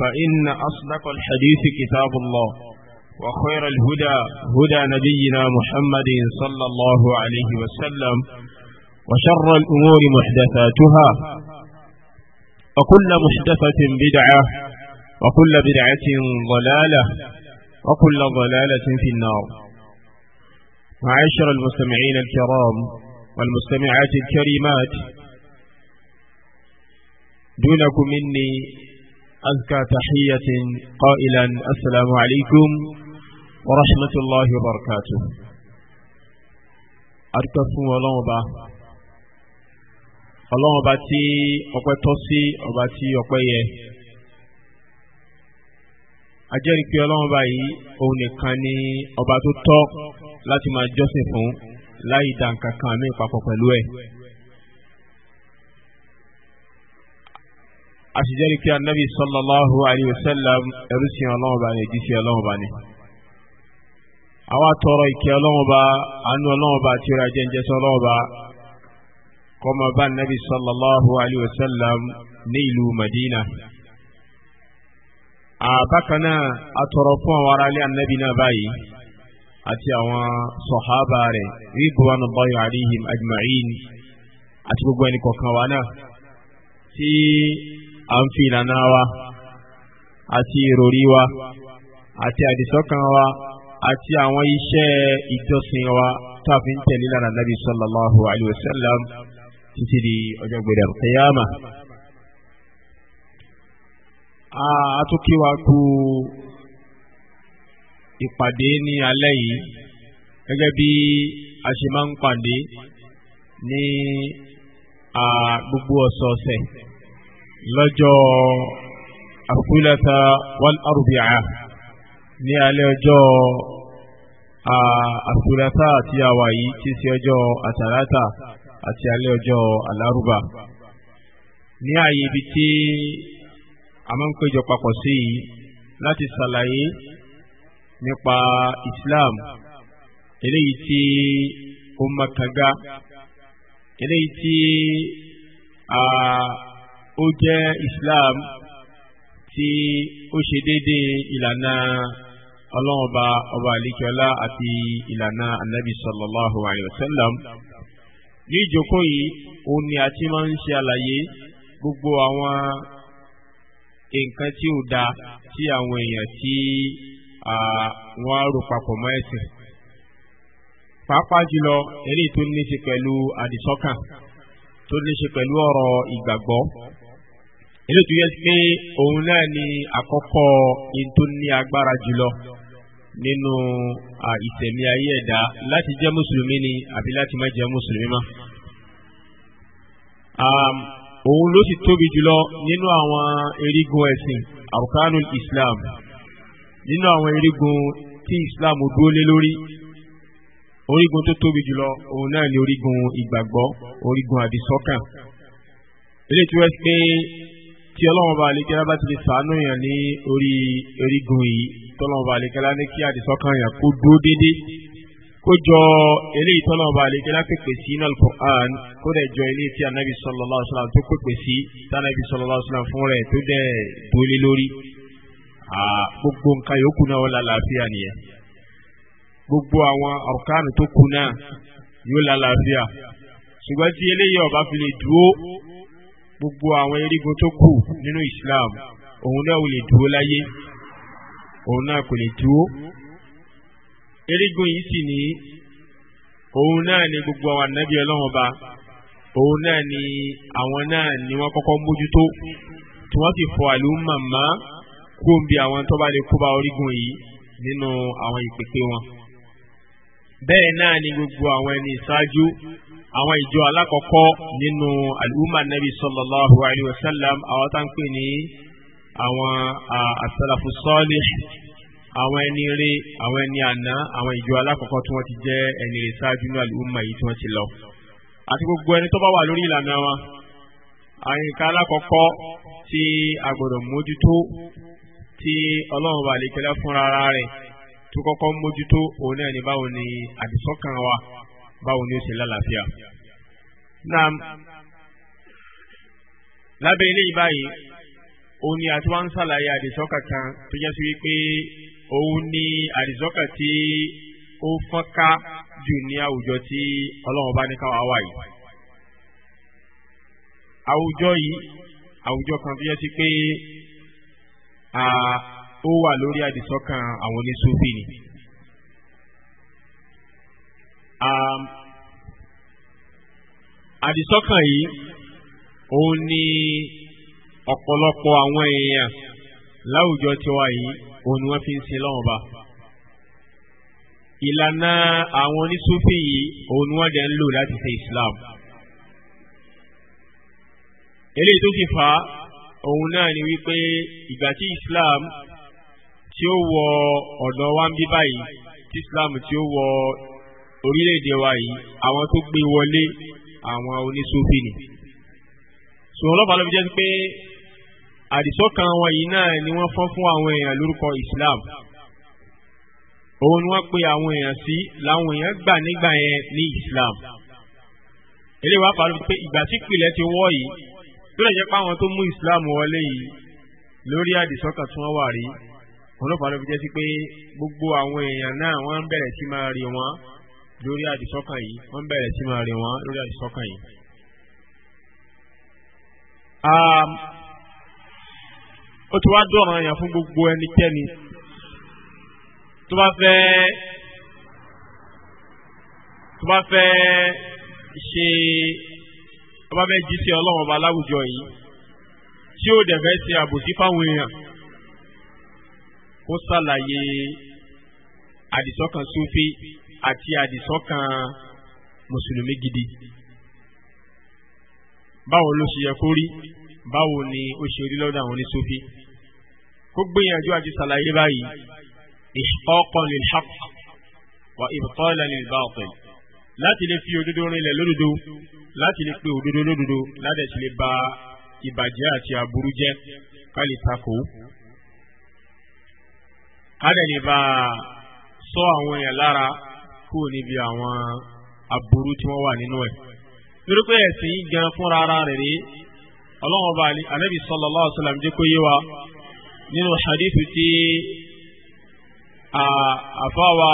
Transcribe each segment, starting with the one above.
فإن أصدق الحديث كتاب الله وخير الهدى هدى نبينا محمد صلى الله عليه وسلم وشر الأمور محدثاتها وكل محدثة بدعة وكل بدعة ضلالة وكل ضلالة في النار معاشر المستمعين الكرام والمستمعات الكريمات دونكم مني أزكى تحية قائلا السلام عليكم ورحمة الله وبركاته أركف ولو با ọlọ́run ọba tí ọpẹ́ tọ́ sí ọba tí ọpẹ́ yẹ ajẹ́rìí pé ọlọ́run ọba yìí òun nìkan ni ọba tó tọ́ láti máa jọ́sìn fún láì dá nǹkan kan mí papọ̀ pẹ̀lú ẹ̀. àṣìjẹ́rì kí anábì sallallahu alayhi wa sallam ẹrú sí ọlọ́wọ́ bá ní ìdísí ọlọ́wọ́ bá ní. àwa tọrọ ìkẹ́ ọlọ́wọ́ bá àánú ọlọ́wọ́ bá tí ó ra jẹ́njẹ́ sọ ọlọ́wọ́ bá kọ́mọ bá anábì sallallahu alayhi wa sallam ní ìlú Madina. àbákan náà a fún àwọn aráalé anábì náà báyìí àti àwọn sọ̀hábà rẹ̀ ridwanullahi alayhim ajma'in àti gbogbo ẹnì kọ̀ọ̀kan wa náà tí à ń fi ìlànà wa àti ìròrí wa àti àdìsọ́kàn wa àti àwọn iṣẹ́ ìjọsìn wa tá a fi ń tẹ̀lé lára nàbí sallallahu alayhi wa sallam di ọjọ́ gbèrè al a tún kí wa kú ìpàdé ní alẹ́ yìí gẹ́gẹ́ bí a ṣe máa ń pàdé ní gbogbo ọ̀sọ̀ọ̀sẹ̀ lọ́jọ́ àfúlẹ́ta wal arbi'a ní alẹ́ ọjọ́ àfúlẹ́ta àti àwà yìí tí sí ọjọ́ àtàlátà àti alẹ́ ọjọ́ alárùbá ní ààyè ibi tí a máa ń péjọ papọ̀ sí yìí láti ṣàlàyé nípa Islam eléyìí tí ó makaga eléyìí tí a. ó jẹ́ Islam tí ó ṣe dédé ìlànà ọlọ́ọ̀ba ọba ọba àti ìlànà anabi sallallahu alayhi ní ìjókòó yìí a ti máa ń ṣe àlàyé gbogbo àwọn nǹkan tí da tí àwọn èèyàn tí wọ́n rò papọ̀ mọ́ ẹ̀sìn pàápàá jùlọ eléyìí tó ní ṣe pẹ̀lú àdìsọ́kàn tó ní ṣe pẹ̀lú eléyìí tó yẹ pé òun náà ni àkọ́kọ́ in tó ní agbára jùlọ nínú ìtẹ̀mí ayé ẹ̀dá láti jẹ́ mùsùlùmí ni àbí láti má jẹ́ mùsùlùmí mọ́. òun ló sì tóbi jùlọ nínú àwọn erigun ẹ̀sìn arukanul islam nínú àwọn erigun tí islam dúró lé lórí orígun tó tóbi jùlọ òun náà ni orígun ìgbàgbọ́ orígun àdìsọ́kàn eléyìí tó yẹ pé tí ọlọ́run bá lè kẹ́lá bá ti lè sàánú yàn ní orí orígun yìí tọ́lọ́run bá lè kẹ́lá ní kí àdìsọ́kàn yàn kó dúró dédé kó jọ eléyìí tọ́lọ́run bá lè pèpè sí iná alukur'an kó dẹ̀ jọ eléyìí tí anabi sallallahu alaihi wasallam tó pèpè sí tànàbí sallallahu alaihi wasallam fún rẹ̀ tó dẹ̀ dúlé lórí gbogbo nǹkan yòókù náà wọ́n lálàáfíà nìyẹn gbogbo àwọn àrùkánù tó kù náà yóò lálàáfíà ṣùgbọ́n tí eléyìí ọba fi lè dúró gbogbo àwọn erigun tó kù nínú Islam òun náà ò lè dúró láyé òun náà kò lè dúró erigun yìí sì ní òun náà ni gbogbo àwọn ànábì ọlọ́run ọba òun náà ni àwọn náà ni wọ́n kọ́kọ́ mójútó tí wọ́n sì fọ àlùmọ̀ mọ́ kó ń bi àwọn tó bá lè kó bá orígun yìí nínú àwọn ìpèpè wọn. bẹ́ẹ̀ náà ni gbogbo àwọn ẹni ìṣáájú àwọn ìjọ alákọ̀ọ́kọ́ nínú al'umma nabi sallallahu alayhi wa sallam àwọn tá ń pè ní àwọn asalafu salih àwọn ẹni rè àwọn ẹni àná àwọn ìjọ alákọ̀ọ́kọ́ tí wọ́n ti jẹ́ ẹni rè ṣáájú ní al'umma yìí tí wọ́n ti lọ àti gbogbo ẹni tó bá wà lórí ìlànà wọn àyíká alákọ̀ọ́kọ́ tí a gbọ́dọ̀ mójútó tí ọlọ́run bá lè kẹlẹ́ fúnra rẹ̀ tó kọ́kọ́ mójútó òun náà ní báwo ni àdìsọ́kàn wa báwo ni ó ṣe lálàáfíà. Naam lábẹ́ eléyìí báyìí òun ni àti wọn ń ṣàlàyé àdìsọ́kà kan tó jẹ́ sí wípé òun ni àdìsọ́kà tí ó fọ́nká jù ní àwùjọ tí ọlọ́run bá ní káwá wà yìí. àwùjọ yìí àwùjọ kan tó jẹ́ sí pé ó wà lórí àdìsọ́kà àwọn oníṣòfin ni. Um, àdìsọ́kàn yìí òun ni ọ̀pọ̀lọpọ̀ àwọn èèyàn láwùjọ tiwa yìí òun ni wọ́n fi ń sin lọ́wọ́n ba ìlànà àwọn onísúfì yìí òun ni wọ́n jẹ́ ń lò láti ṣe Islam eléyìí tó ti fà òun náà ni wípé ìgbà tí Islam tí ó wọ ọ̀dọ̀ wa ń bí báyìí tí Islam tí ó wọ orílẹ̀-èdè wa yìí àwọn tó gbé wọlé àwọn oníṣòfì ni. sùwọ́n ọlọ́pàá ló fi jẹ́ pé àdìsọ́kàn wọn yìí náà ni wọ́n fọ́n fún àwọn èèyàn lórúkọ Islam òun ni wọ́n pe àwọn èèyàn sí làwọn èèyàn gbà nígbà yẹn ní Islam eléyìí wá pàdé pé ìgbà tí ìpìlẹ̀ ti wọ́ yìí tó lè jẹ́ pé àwọn tó mú Islam wọlé yìí lórí àdìsọ́kàn tí wọ́n wà rí òun ló pàdé fi jẹ́ sí pé gbogbo àwọn èèyàn náà wọ́n bẹ̀rẹ̀ sí máa rí wọn lórí àdìsọ́kàn yìí wọ́n bẹ̀rẹ̀ sí máa rìn wọ́n lórí àdìsọ́kàn yìí. ó ti wá dọ̀ràn yàn fún gbogbo ẹnikẹ́ni tó bá fẹ́ tó bá fẹ́ ṣe tó bá fẹ́ jí sí ọlọ́run ọba láwùjọ yìí tí ó dẹ̀ fẹ́ ṣe àbòsí fáwọn èèyàn kó ṣàlàyé àdìsọ́kàn súfì àti àdìsọ́kàn mùsùlùmí gidi báwo ló ṣe yẹ kó rí báwo ni ó ṣe rí lọ́dọ̀ àwọn oníṣòfì kó gbìyànjú àti ṣàlàyé báyìí ìṣọ́kàn lil haqq wa ìbùkọ́lá lil baatil láti lè fi òdodo rinlẹ̀ lódodo láti lè pe òdodo lódodo láti lè ba ìbàjẹ́ àti aburú jẹ́ ká lè takò ká lè bá sọ àwọn èèyàn lára kúrò níbi àwọn aburú tí wọ́n wà nínú ẹ̀. torí pé ẹ̀sìn yìí gan fúnra ara rẹ̀ rí ọlọ́run ọba ànábì sallallahu alaihi wasallam jẹ́ kó yé wa nínú hadithu tí àfáwa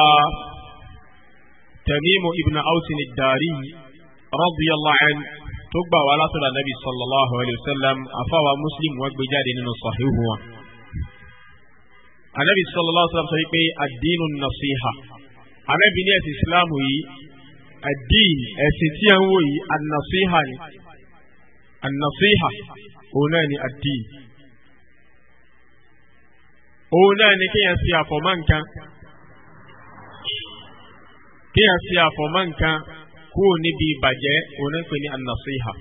tẹ̀mímù ibn ausin dari radiyallahu anhu tó gbà wá látọ̀dọ̀ ànábì sallallahu alaihi wasallam àfáwa muslim wọ́n gbé jáde nínú sahihu wọn. ànábì sallallahu alaihi wasallam sọ wípé ad-dinu àrẹ́bí ní ẹ̀sìn islam yìí ẹ̀dín ẹ̀sìn tí ẹ ń wò yìí ànàfíhà ni ànàfíhà òun náà ni ẹ̀dín òun náà ni kéèyàn ṣe àfọ̀mọ́ nǹkan kéèyàn ṣe àfọ̀mọ́ nǹkan kúrò níbi ìbàjẹ́ òun náà ń pè ní ànàfíhà.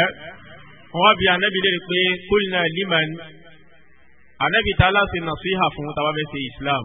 ẹ wọn bí anabi lè pé kúlìnà liman anabi tá a láti fún tàbá fẹ́ ṣe islam.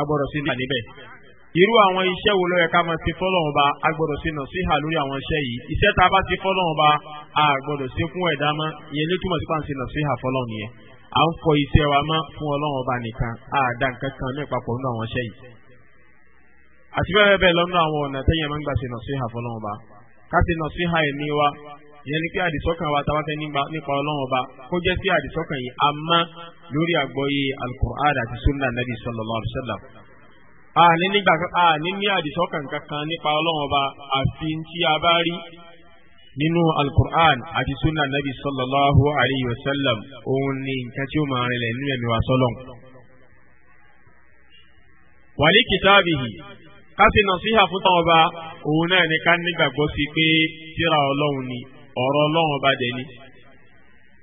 agbọ́dọ̀ sí níhà níbẹ̀ irú àwọn iṣẹ́ wo ló yẹ ká máa ṣe fọ́lọ́run ba agbọ́dọ̀ sí nasiha lórí àwọn iṣẹ́ yìí iṣẹ́ tá a bá ṣe fọ́lọ́run ba agbọ́dọ̀ sí fún ẹ̀dá mọ́ ìyẹn ló túmọ̀ sí pàǹsì nasiha fọ́lọ́run yẹn à ń fọ iṣẹ́ wa mọ́ fún ọlọ́run ọba nìkan àdá nǹkan kan ní ìpapọ̀ nínú àwọn iṣẹ́ yìí àti bẹ́ẹ̀ bẹ́ẹ̀ lọ́nà àwọn ọ̀nà tẹ́yìn máa ń gbà ṣe nasiha fọ́lọ́run ba ká ṣe nasiha ẹ̀mí wa ìyẹn ni pé àdìsọ́kàn wa táwa fẹ́ nípa ọlọ́run ọba kó jẹ́ sí àdìsọ́kàn yìí a má lórí àgbọ́yé alukur'an àti sunna nabi sallallahu alayhi wa sallam. àní nígbà àní ní àdìsọ́kàn kankan nípa ọlọ́run ọba àfi tí a bá rí nínú alukur'an àti sunna nabi sallallahu alayhi wa sallam òun ni nǹkan tí ó máa rìnlẹ̀ nínú ẹ̀mí wa sọ́lọ́n. wàlí kìtàbìhì ká sì síhà fún tọ́wọ́ bá òun náà ni ká nígbàgbọ́ sí pé tíra ọlọ́run ni ọ̀rọ̀ ọlọ́run bá dẹ̀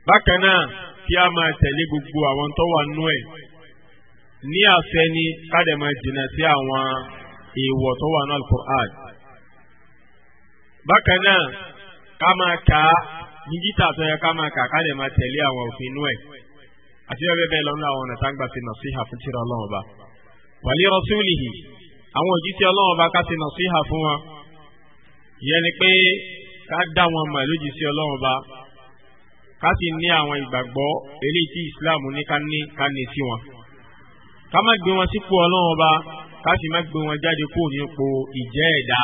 bákan kí a máa tẹ̀lé gbogbo àwọn tó wà nú ní àfẹ́ ni kádẹ̀ jìnnà sí àwọn èèwọ̀ tó wà ní alukur'an. bákan náà ká máa kà á díjítà tó yẹ ká máa kà kádẹ̀ tẹ̀lé àwọn òfin nú ẹ̀ àti bẹ́ẹ̀ lọ́nà àwọn nà sí ọlọ́run nà sí ká dá wọn mọ̀ lójú sí ọlọ́run ọba ká sì ní àwọn ìgbàgbọ́ eléyìí tí islam ní ká ní ká ní sí wọn ká má gbé wọn sípò ọlọ́run ọba ká sì má gbé wọn jáde kúrò nípò ìjẹ́ ẹ̀dá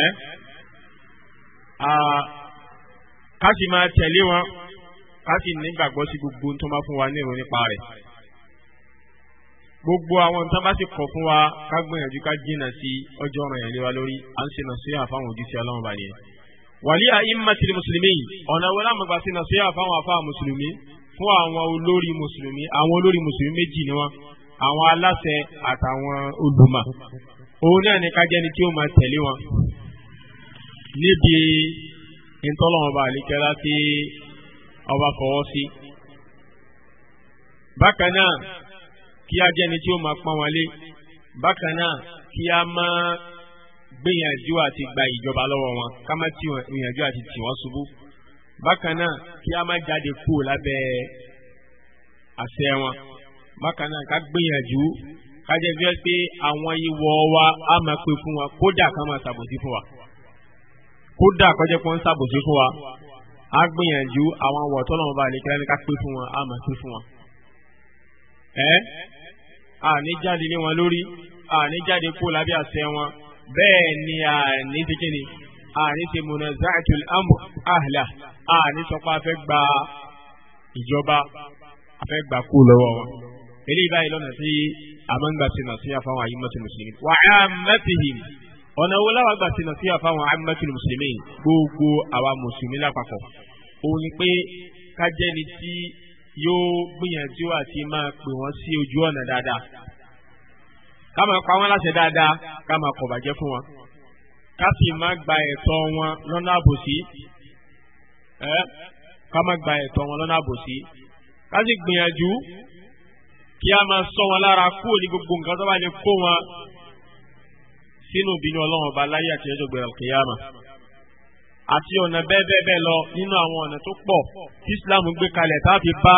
ẹ́ ká sì máa tẹ̀lé wọn ká sì ní ìgbàgbọ́ sí gbogbo tó máa fún wa ní ìròyìn nípa rẹ̀ gbogbo àwọn tán bá sì kọ̀ fún wa ká gbìyànjú ká jìnnà sí ọjọ́ ọ̀ràn yẹn léwa lórí à ń ṣe nàṣíyà fáwọn ojúṣe aláwọn balẹ̀ yẹn. wàlí àyímàtì mùsùlùmí ọ̀nà wẹ́rẹ́ àmọ̀gbà sí nàṣíyà fáwọn afá mùsùlùmí fún àwọn olórí mùsùlùmí àwọn olórí mùsùlùmí méjì ni wọn àwọn aláṣẹ àtàwọn olùmọ̀ òun náà ni ká jẹ́ni tí ó máa tẹ̀lé wọn níbi ìtọ́lọ́wọ́n kí á jẹ́ni tí ó máa pọ́n wọn lé bákan náà kí á máa gbìyànjú àti gba ìjọba lọ́wọ́ wọn ká má ti gbìyànjú àti tì wọ́n ṣubú bákan náà kí á má jáde kú lábẹ́ àṣẹ wọn bákan náà ká gbìyànjú ká jẹ́ fẹ́ pé àwọn ìwọ̀ wa á máa pè fún wa kódà ká máa ṣàbòsí fún wa kódà kọjá pé wọ́n ṣàbòsí fún wa á gbìyànjú àwọn àwọ̀ tọ́lọ́mọba àlekẹ́lẹ́ ní ká pè fún wọn á máa pè fún wọn ẹ́ àní jáde lé wọn lórí àní jáde kó lábẹ́ àṣẹ wọn bẹ́ẹ̀ ni àní ti kíni àní ti múná zaatul amr ahla àní sọ pé a fẹ́ gba ìjọba a fẹ́ gbà kú lọ́wọ́ wọn. eléyìí báyìí lọ́nà tí àmọ́ngbà ti nà sí àfáwọn àyímọ́tì mùsùlùmí. wà á mẹ́tìhìn ọ̀nà wo láwa gbà ti nà sí àfáwọn àyímọ́tì mùsùlùmí gbogbo àwa mùsùlùmí lápapọ̀ òun ni pé kájẹ́ni tí yóò gbìyànjú àti máa pè wọ́n sí ojú ọ̀nà dáadáa ká máa pa wọ́n láṣẹ dáadáa ká máa kọ̀ bàjẹ́ fún wọn ká sì má gba ẹ̀tọ́ wọn lọ́nà àbòsí ẹ ká má gba ẹ̀tọ́ wọn lọ́nà àbòsí ká sì gbìyànjú kí a máa sọ wọn lára kúrò ní gbogbo nǹkan tó bá lè kó wọn sínú ìbínú ọlọ́run ọba láyé àti ẹjọ́ gbẹ̀rẹ̀ kìyàmà àti ọ̀nà bẹ́ẹ̀ bẹ́ẹ̀ bẹ́ẹ̀ lọ nínú àwọn ọ̀nà tó pọ̀ tí Islam gbé kalẹ̀ tá a fi bá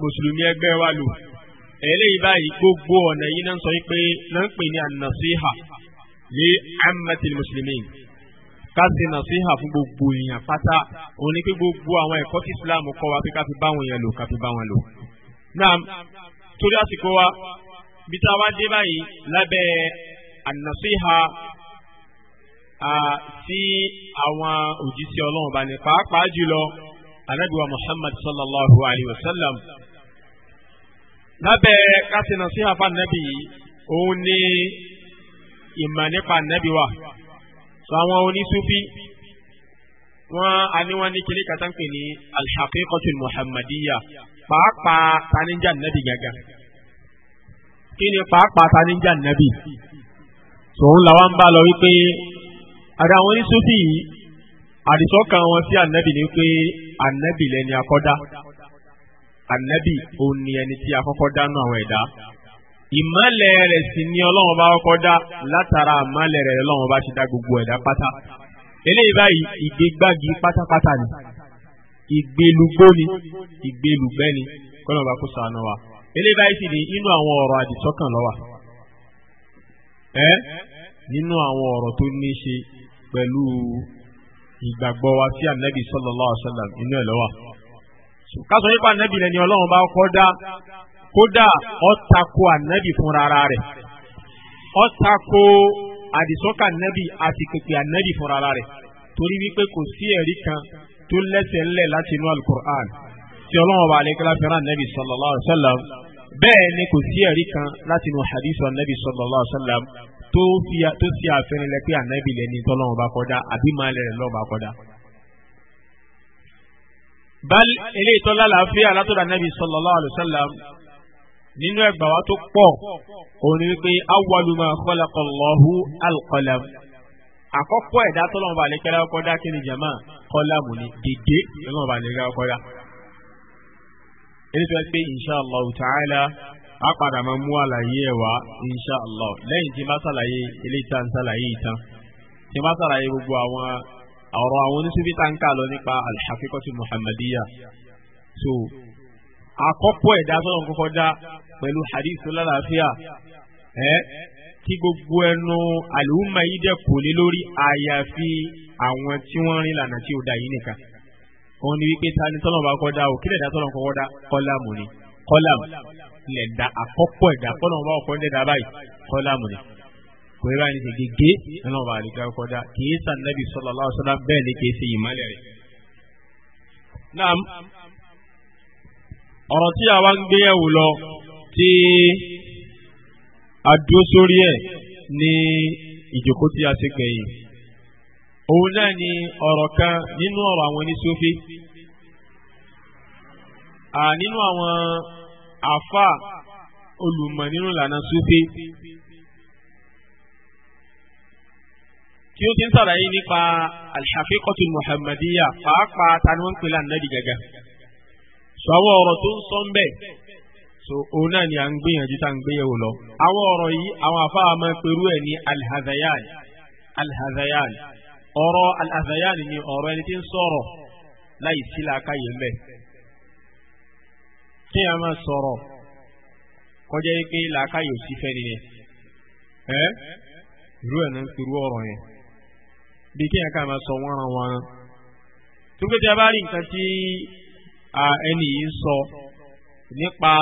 mùsùlùmí ẹgbẹ́ wa lò eléyìí báyìí gbogbo ọ̀nà yìí náà sọ pé náà ń pè ní ànàsíhà lé amẹ́tì mùsùlùmí káṣí nàsíhà fún gbogbo èèyàn pátá òun ni pé gbogbo àwọn ẹ̀kọ́ tí Islam kọ́ wa pé ká fi bá wọn yẹn lò ká fi bá wọn lò. náà torí àsìkò wa bí tá dé báyìí lábẹ́ ànàsíhà sí àwọn òjíṣẹ́ ọlọ́run bá ní pàápàá jùlọ anabiwa muhammad sallallahu alayhi wa sallam lábẹ́ kásìnà sí àfa nàbì yìí òun ní ìmọ̀ nípa nàbì wa sọ àwọn onísúfí wọn àníwọn ní kíní kàtà ń pè ní alhaqiqatu muhammadiyya pàápàá taníjà nàbì gàgà kí ni pàápàá taníjà nàbì sọ làwọn bá lọ wípé àdá àwọn oníṣúfì yìí àdìsọ́kàn wọn sí ànábì ni pé ànábì lẹni akọ́dá ànábì òun ni ẹni tí akọ́kọ́ dánú àwọn ẹ̀dá ìmọ̀lẹ̀ rẹ̀ sì ni ọlọ́run bá kọ́kọ́ dá látara ìmọ̀lẹ̀ rẹ̀ ọlọ́run bá ti dá gbogbo ẹ̀dá pátá eléyìí báyìí ìgbégbági pátápátá ni ìgbélugbó ni ìgbélugbẹ́ kọ́nà bá kó sànù wa eléyìí báyìí sì ni inú àwọn ọ̀rọ̀ àdìsọ́kàn ló wà nínú àwọn ọ̀rọ̀ tó ní í ṣe pẹ̀lú ìgbàgbọ́ wa sí ànábì sallallahu alaihi wasallam inú ẹ̀ lọ́wọ́. kásán nípa ànábì rẹ̀ ni ọlọ́run bá kọ́ dá kódà ọ̀tako ànábì fúnra ara rẹ̀ ọ̀tako àdìsọ́kà ànábì àti pèpè ànábì fúnra ara rẹ̀ torí wípé kò sí ẹ̀rí kan tó lẹ́sẹ̀ ńlẹ̀ láti inú alukur'an tí ọlọ́run bá alẹ́kẹ́lá fẹ́ràn ànábì sallallahu alaihi wasallam bẹ́ẹ̀ ni kò sí ẹ̀rí kan láti inú hadith ànábì sallallahu alaihi wasallam tó fi tó ṣe àfihàn lẹ pé ànábì lẹni tọ́lọ́run bá kọ́dá àbí máa lẹ̀ lọ́ọ̀ bá kọ́dá. bal eléyìí tọ́lá làáfíà látọ̀dọ̀ ànábì sallallahu alaihi wasallam nínú ẹgbà wa tó pọ̀ òun ni wípé awwalu ma khalaqa Allahu al-qalam àkọ́kọ́ ẹ̀dá tọ́lọ́run bá lẹ́kẹ́lá kọ́dá kí ni jàmá kọ́lámù ni gègé tọ́lọ́run bá lẹ́kẹ́lá kọ́dá. eléyìí tó wá a padà máa mú àlàyé ẹ̀ wá insha allah lẹ́yìn tí má sàlàyé eléyìí tá ń sàlàyé yìí tán tí má sàlàyé gbogbo àwọn ọ̀rọ̀ àwọn oníṣubí tá ń kà lọ nípa alḥakíkọ́tì muhammadiya so àkọ́kọ́ ẹ̀dá tó ń kọ́kọ́ dá hadith lálàáfíà ẹ̀ kí gbogbo ẹnu àlùmọ̀ yìí dẹ̀ kò lé lórí àyàfi àwọn tí wọ́n rìn lànà tí ó da yìí nìkan òun ni wípé ta ni tọ́lọ̀ bá kọ́ dá o kí lẹ̀dá tọ́lọ̀ kọ́kọ́ dá kọ́lámù ni lẹ̀dá àkọ́kọ́ ẹ̀dá kọ́nà ọba ọkọ̀ ẹ̀dá báyìí kọ́lámù ni kò yẹ báyìí ní gègé ẹ̀nà ọba àlejò akọ́dá kì í sànẹ́bí sallallahu alaihi wasallam bẹ́ẹ̀ ni kì í ṣe ìmọ̀lẹ̀ rẹ̀. naam ọ̀rọ̀ tí àwa ń gbé yẹ̀wò lọ tí a dúró sórí ẹ̀ ní ìjókòó tí a ṣe gbẹ̀yìn òun náà ni ọ̀rọ̀ kan nínú ọ̀rọ̀ àwọn oníṣòfin nínú àwọn àfa olùmọ̀ nínú ìlànà sufi tí ó ti ń sàlàyé nípa alhaqiqatu muhammadiyya pàápàá ta ni wọ́n ń pè lánàbì gàgà so àwọn ọ̀rọ̀ tó ń sọ ń bẹ̀ so òun náà ni à ń gbìyànjú tá à ń gbéyàwó lọ àwọn ọ̀rọ̀ yìí àwọn àfáà máa perú ẹ̀ ní alhazayan alhazayan ọ̀rọ̀ alhazayan ni ọ̀rọ̀ ẹni tí ń sọ̀rọ̀ láì sí làákàyè ń bẹ̀ kí a máa sọ̀rọ̀ kọjá yìí pé làákàyè ò sí fẹ́ni yẹn irú ẹ̀ náà ń pirú ọ̀rọ̀ yẹn bí kí ká máa sọ a rí nǹkan tí ẹni yìí ń sọ nípa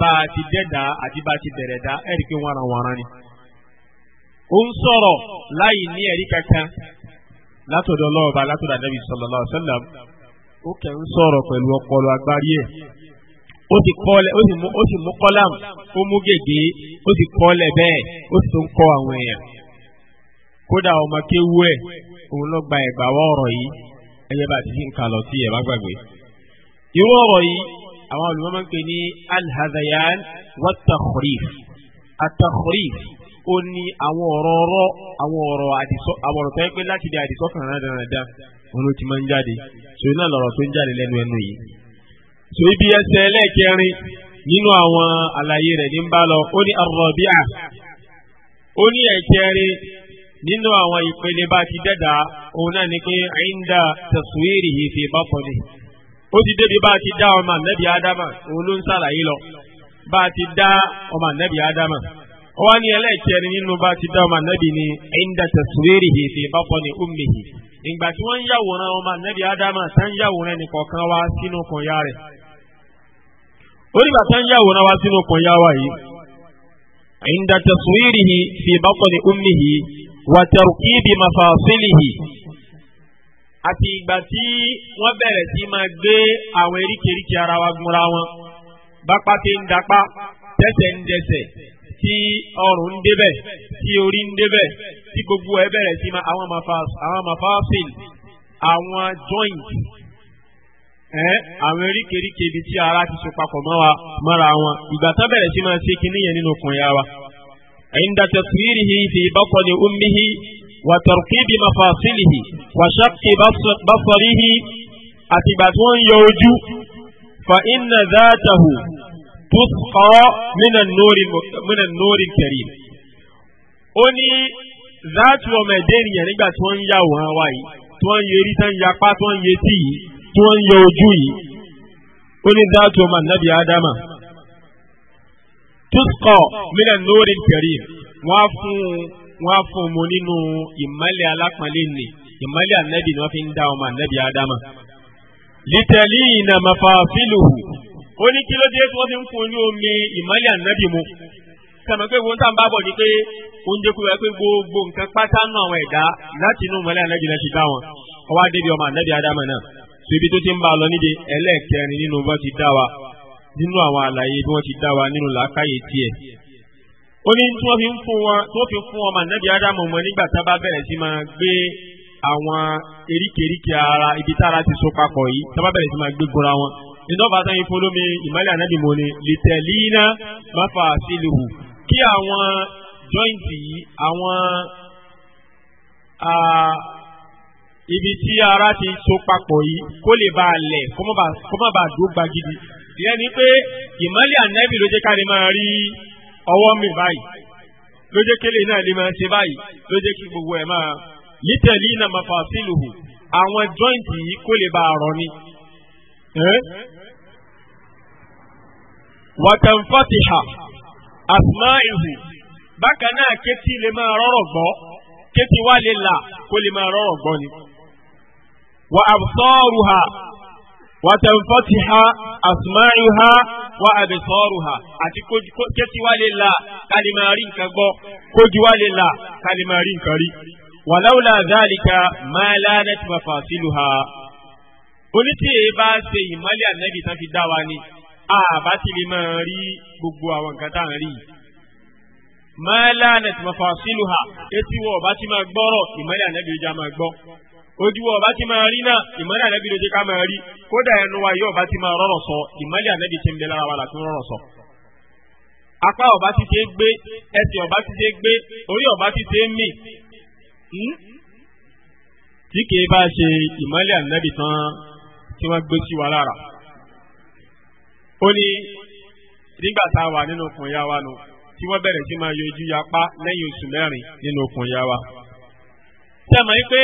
bá a ti dẹ́dà àti bá a ti bẹ̀rẹ̀ dá ẹ̀rí pé ni. ó ń sọ̀rọ̀ láì ní ẹ̀rí kankan látọ̀dọ̀ ọlọ́ọ̀ba látọ̀dọ̀ ànábì sallallahu ó ti kọ́lẹ̀ ó sì mú ó sì mú kọ́lám ó mú gègé ó sì kọ́lẹ̀ bẹ́ẹ̀ ó sì ń kọ́ àwọn èèyàn. kódà ọmọ kéwú ẹ̀ òun ló gba ẹ̀gbà wọ́ ọ̀rọ̀ yìí ẹyẹ bá ti fi ń kalọ̀ sí ẹ̀ bá gbàgbé. irú ọ̀rọ̀ yìí àwọn olùmọ̀ wa atakhrif ó ní àwọn ọ̀rọ̀ ọ̀rọ̀ àwọn ọ̀rọ̀ àdìsọ́ àwọn ọ̀rọ̀ pé láti di àdìsọ́ kan òun ló ti máa ń jáde tó ibi ẹsẹ̀ ẹlẹ́ẹ̀kẹrin nínú àwọn àlàyé rẹ̀ ní bá lọ ó ní arọ̀bíà ó ní ẹ̀kẹrin nínú àwọn ìpele bá ti dẹ́dà òun náà ni pé àyíǹda tẹ̀sùwérì yìí fi bá pọ̀ ni ó ti débi bá ti dá ọmọ ànẹ́bí ádámà òun ló ń sàlàyé lọ bá ti dá ọmọ ànẹ́bí ádámà ó wá ní ẹlẹ́ẹ̀kẹrin nínú bá ti dá ọmọ ànẹ́bí ni àyíǹda tẹ̀sùwérì yìí fi bá pọ̀ ni ó mèhì ìgbà tí wọ́n ń yàwòrán ọmọ ànẹ́bí ádámà tá ń yàwòrán ẹnì kọ̀ọ̀kan wá sínú kọ̀ọ̀yà rẹ̀ onígbà tá ń yàwòrán wa sínú ọkàn yá wa yìí inda taswirihi fi batni ummihi wa tarkibi mafasilihi àti ìgbà won bere ti ma máa awon àwọn eríkèéríkèé ara wa gúnra won bápá ti ndapa dapá tẹsẹ̀ ti dẹsẹ̀ tí ti ń débẹ̀ ti orí ń débẹ̀ ti gbogbo ẹ bẹ̀rẹ̀ sí mafasil joint ẹ àwọn eríkèéríkè ibi tí ara ti so papọ̀ mọ́ wa mọ́ra wọn ìgbà tán bẹ̀rẹ̀ sí máa ṣe kinní yẹn nínú okùn ya wa. عند تصويره في بطن أمه وترقيب مفاصله وشق بصره أتباتون يوجو فإن ذاته تسقى من النور من النور الكريم أني ذات ومدين يعني باتون يوها واي تون يريتان يقاتون يتيه tí wọ́n ń yọ ojú yìí ó ní dáàtú ọmọ nàbì ádámà tuskọ mílẹ̀ nóòrè kẹrì wọ́n á fún wọ́n á fún ọmọ nínú ìmọ̀lẹ̀ alápọ̀nlé nì ìmọ̀lẹ̀ ànábì ni wọ́n fi ń dá ọmọ nàbì ádámà lítẹ̀lí ìnà màfàfílù ó ní kí ló dé tí wọ́n fi ń fún ní omi ìmọ̀lẹ̀ ànábì mu sọ̀rọ̀ pé wọ́n tàn bá bọ̀ ni pé oúnjẹ kúrò pé gbogbo nǹkan pátá nù àwọn ẹ̀dá láti inú ìmọ̀lẹ̀ ànábì náà ṣe dá wọn ọwọ́ adébí ọmọ ànábì ádámà náà síbi tó ti ń bá a lọ nídìí ẹlẹ́ẹ̀kẹrin nínú bá ti dá wa nínú àwọn àlàyé bí wọ́n ti dá wa nínú làákàyè tiẹ̀. ó ní tí wọ́n fi ń fún wọn tó fi fún ọmọ ànábì ádámù mọ́ nígbà tá a bá bẹ̀rẹ̀ sí máa gbé àwọn eríkèéríkèé ara ibi tára ti so papọ̀ yìí tá a bá bẹ̀rẹ̀ sí máa gbé gbóra wọn. ìdọ́gba sáyẹn fún olómi ìmọ̀lẹ̀ ànábì mọ́ ni lìtẹ̀línà máfà sílùú kí àwọn jọ́ìntì yìí àwọn ah, ibi tí ara ti so papọ̀ yìí kó lè ba a lẹ̀ kó má bàa dó gbagidi ìyẹn ni pé ìmọ̀lẹ̀ ànẹ́bì ló jẹ́ ká lè máa rí ọwọ́ mi báyìí ló jẹ́ kélé náà lè máa ṣe báyìí ló jẹ́ kí gbogbo ẹ̀ máa nítẹ̀lí iná máa fà sí lòhùn àwọn jọ́ǹtì yìí kó lè bá a rọ ni. wàtàǹfàtìhà àsùnmá ìhù bákan náà kétí lè máa rọrọ̀ gbọ́ kétí wá lè là kó lè máa rọrọ̀ gbọ́ ni. وأبصارها وتنفتح أسماعها وأبصارها àti kẹ́tí wá lè là kalimarin kan gbọ́ kójú wá lè là kalimarin kan rí wàláwùlà dhalika ma lanat mafasiluha. oníṣẹ́ yìí bá ṣe ìmọ́lẹ̀ ànábì tán fi dá wa ni àbá ti lè máa rí gbogbo àwọn nǹkan tá à ń rí yìí. ma lanat mafasiluha etí wọ̀ bá ti máa gbọ́rọ̀ ìmọ́lẹ̀ ànábì ìjà máa gbọ́ ojú wa ọba ti máa rí náà ìmọ́lẹ̀ ànábì ló jẹ́ ká máa rí kódà ẹnu wa yóò ọba ti máa rọrọ̀ sọ ìmọ́lẹ̀ ànábì ti ń bẹ lára wa láti rọrọ̀ sọ. apá ọba ti ṣe é gbé ẹsẹ̀ ọba ti ṣe é gbé orí ọba ti ṣe é mì hmm? tí kìí bá ṣe ìmọ́lẹ̀ ànábì tán tí wọ́n gbé sí wa lára. ó ní nígbà tá a wà nínú okùn ìyá wa nù tí wọ́n bẹ̀rẹ̀ sí máa yọjú yapa lẹ́yìn oṣù mẹ́rin nínú okùn ìyá wa sẹ́mọ̀ yìí pé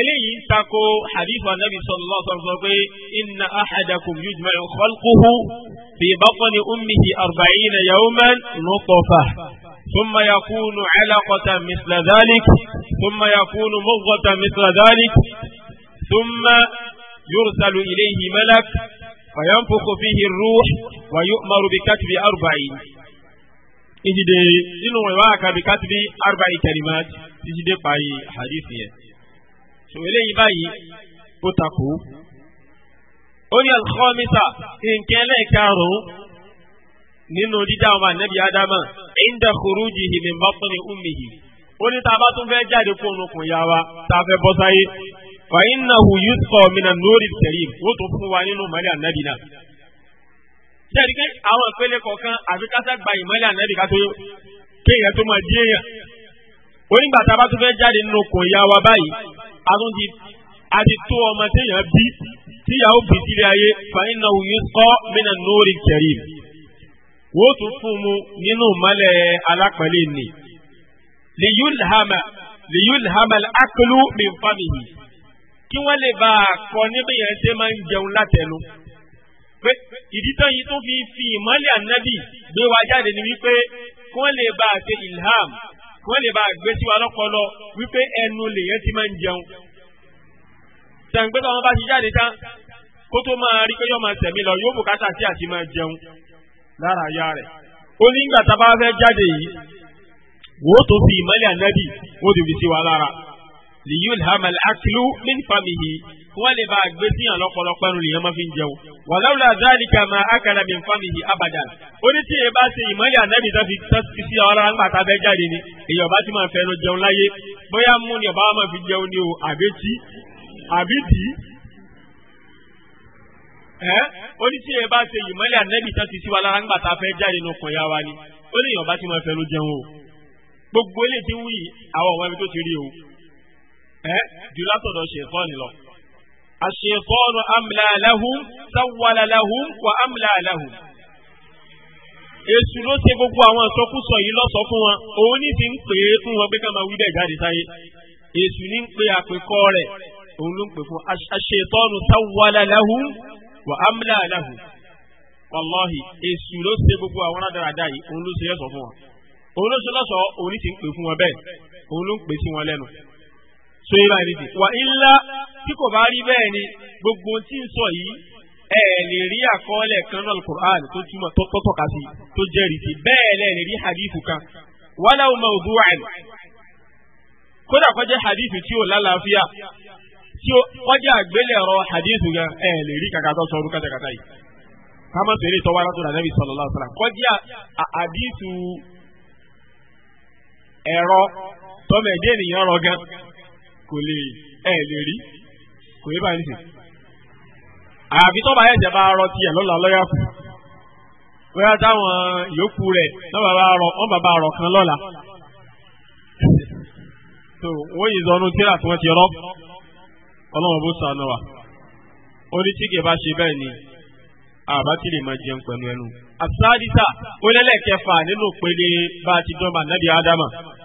eléyìí ń tako hadith anabi sallallahu alaihi wasallam pé inna ahadakum yujma'u khalquhu fi batni ummihi arba'ina yawman nutfa ثم يكون علقة مثل ذلك ثم يكون مضغة مثل ذلك ثم يرسل إليه ملك فينفخ فيه الروح ويؤمر بكتب أربعين إذن إنه بكتب أربع كلمات títí dé parí hadith yẹn so eléyìí báyìí ó takò ó ní alkhọ́mísà nǹkan ẹlẹ́ẹ̀karùn-ún nínú dídá ọmọ ànábì ádámà inda khurujihi min batni ummihi ó ní tá a bá tún fẹ́ jáde kó òun ya wa tá a fẹ́ bọ́ sáyé fa innahu yusqa min an-nuri al-karim ó tún fún wa nínú mọ́lẹ̀ ànábì náà jẹ́rìí pé àwọn ìpele kọ̀ọ̀kan àfi kásá gba ìmọ́lẹ̀ ká tó kéèyàn onígbà tá a bá tún fẹ́ jáde nínú okùn ìyá wa báyìí àtúntì àti tó ọmọ téèyàn bí tíyàwó bí sílé ayé fàyín náà yóò kọ́ mínà nóòrì kẹrì wọ́n tún fún mu nínú mọ́lẹ̀ alápẹ̀lẹ̀ ni liyulhama liyulhama akulu min famihi kí wọ́n lè bá a kọ níbi yẹn ṣe máa ń jẹun látẹnu pé ìdítàn yìí tó fi fi ìmọ̀lẹ̀ ànábì gbé wa jáde ni wípé kí wọ́n lè bá a ṣe ilham wọ́n lè bá gbé sí wa lọ́pọlọ wípé ẹnu lèyẹn ti máa ń jẹun. sàǹgbẹ́tọ̀ wọn bá ti jáde tán kó tó máa rí pé yóò máa tẹ̀mí lọ yóò bùkátà sí àti máa jẹun lára aya rẹ̀. ó ní ìgbà tá a bá fẹ́ jáde yìí wò tó fi ìmọ̀lẹ̀ ànábì ó dìbò sí wa lára. liyul hamal akilu min famihi kí wọ́n lè bá a gbé síyàn lọ́pọ̀lọpọ̀ ẹnu lèèyàn máa fi ń jẹun. wàláwùlà zálìkà ma akala min famihi abada oníṣẹ́ yẹn bá ṣe ìmọ̀lẹ̀ ànábì tó fi tọ́sí sí ọ̀rọ̀ àgbà tá jáde ni èèyàn bá ti máa fẹ́ lọ jẹun láyé bóyá mú ni ọba wa máa fi jẹun ni o àbẹ́tí àbídì ẹ oníṣẹ́ yẹn bá ṣe ìmọ̀lẹ̀ ànábì tó ti sí wa lára àgbà tá a fẹ́ jáde nù kàn yá wa ni ó lè yàn ti máa fẹ́ lọ jẹun o gbogbo eléyìí ti wí àwọn ọmọ ibi tó ti rí o ẹ jù látọ̀dọ̀ ṣèkọ́ ni lọ. الشيطان أملى لهم سول لهم وأملى لهم èṣù ló ṣe gbogbo àwọn àsọkúsọ yìí lọ́sọ fún wọn òun ní ti ń pè é fún wọn pé ká máa wí bẹ́ẹ̀ jáde sáyé èṣù ní ń pe àpèkọ rẹ̀ òun ló ń pè fún aṣetọ́nu sáwọ́lá wà ámìlà lahùn wàlọ́hì ló ṣe gbogbo àwọn rádaràdà yìí òun ló ṣe lọ́sọ fún wọn òun ló ṣe lọ́sọ òun ní ti ń pè fún wọn bẹ́ẹ̀ òun ló ń pè sí wọn lẹ́nu so yìí báyìí nìyí wà ilá tí kò bá rí bẹ́ẹ̀ ni gbogbo tí ń sọ yìí ẹ lè rí àkọọ́lẹ̀ kan náà Qur'an tó túmọ̀ tó tọ́ka sí tó jẹ́rìí sí bẹ́ẹ̀ lẹ́ lè rí hadith kan wàlá ọmọ ògùn kódà kọjá hadith tí ó lálàáfíà tí ó kọjá àgbélẹ̀rọ hadith gan ẹ lè rí kàkà sọ ọdún kátàkátà yìí. kama sèré tọ́wọ́ aráàlú rà nàbì sallallahu alaihi wasallam kọjá hadith ẹ̀rọ tọ́mẹ̀dé ènìyàn rọ gan kò lè ẹ̀ lè rí kò yẹ báyìí nìsín. àbí tọ́ba ẹ̀jẹ̀ bá rọ tiẹ̀ lọ́la lọ́yà kù bóyá táwọn ìyókù rẹ̀ náà bàbá rọ wọ́n bàbá rọ kan lọ́la. tó wọ́n yìí zọnu tíra tí wọ́n ti rọ́ ọlọ́wọ́n bó sànù wa oníṣègùn bá ṣe bẹ́ẹ̀ ni àbá tí lè máa jẹun pẹ̀lú ẹnu. àṣà àdìsá ó lẹ́lẹ̀kẹfà nínú pele bá a ti dán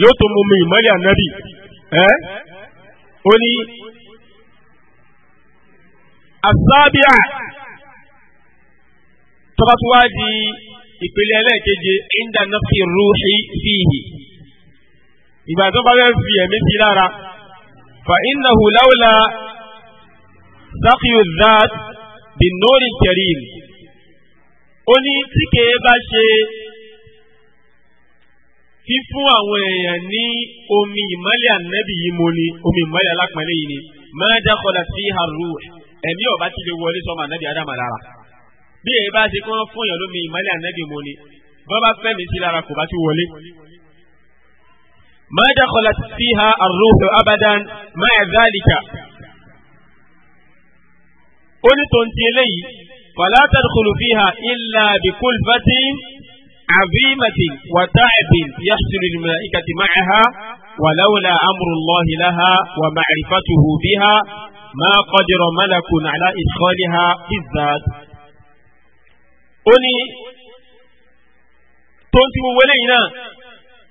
yóò tó mú mi ìmọ́lẹ̀ ànábì ẹ́ ó ní asábíà tọ́ba tó wá di ìpele ẹlẹ́ẹ̀keje inda nafsi ruhi fihi ìgbà tó bá fẹ́ fi ẹ̀mí sí lára fa innahu lawla saqiyu dhat bin nuri ó ní tí bá ṣe fífún àwọn èèyàn ní omi ìmọ́lẹ̀ ànábì yìí mo ni omi ìmọ́lẹ̀ alápẹ̀lẹ̀ yìí ni máa dákọ̀dà sí haru ẹ̀mí ọ̀bá ti lè wọlé sọmọ ànábì ádámà lára bí èyí bá ti kán fún èèyàn lómi ìmọ́lẹ̀ ànábì mo ni bọ́ bá fẹ́mi sí lára kò bá ti wọlé. máa dákọ̀dà sí ha haru abadan máa zálìkà ó eléyìí fàlátàdùkùlù fi ha ìlà bìkúlù fatin. عظيمة وتعب يحصل للملائكة معها ولولا أمر الله لها ومعرفته بها ما قدر ملك على إدخالها بالذات أني تنتم ولينا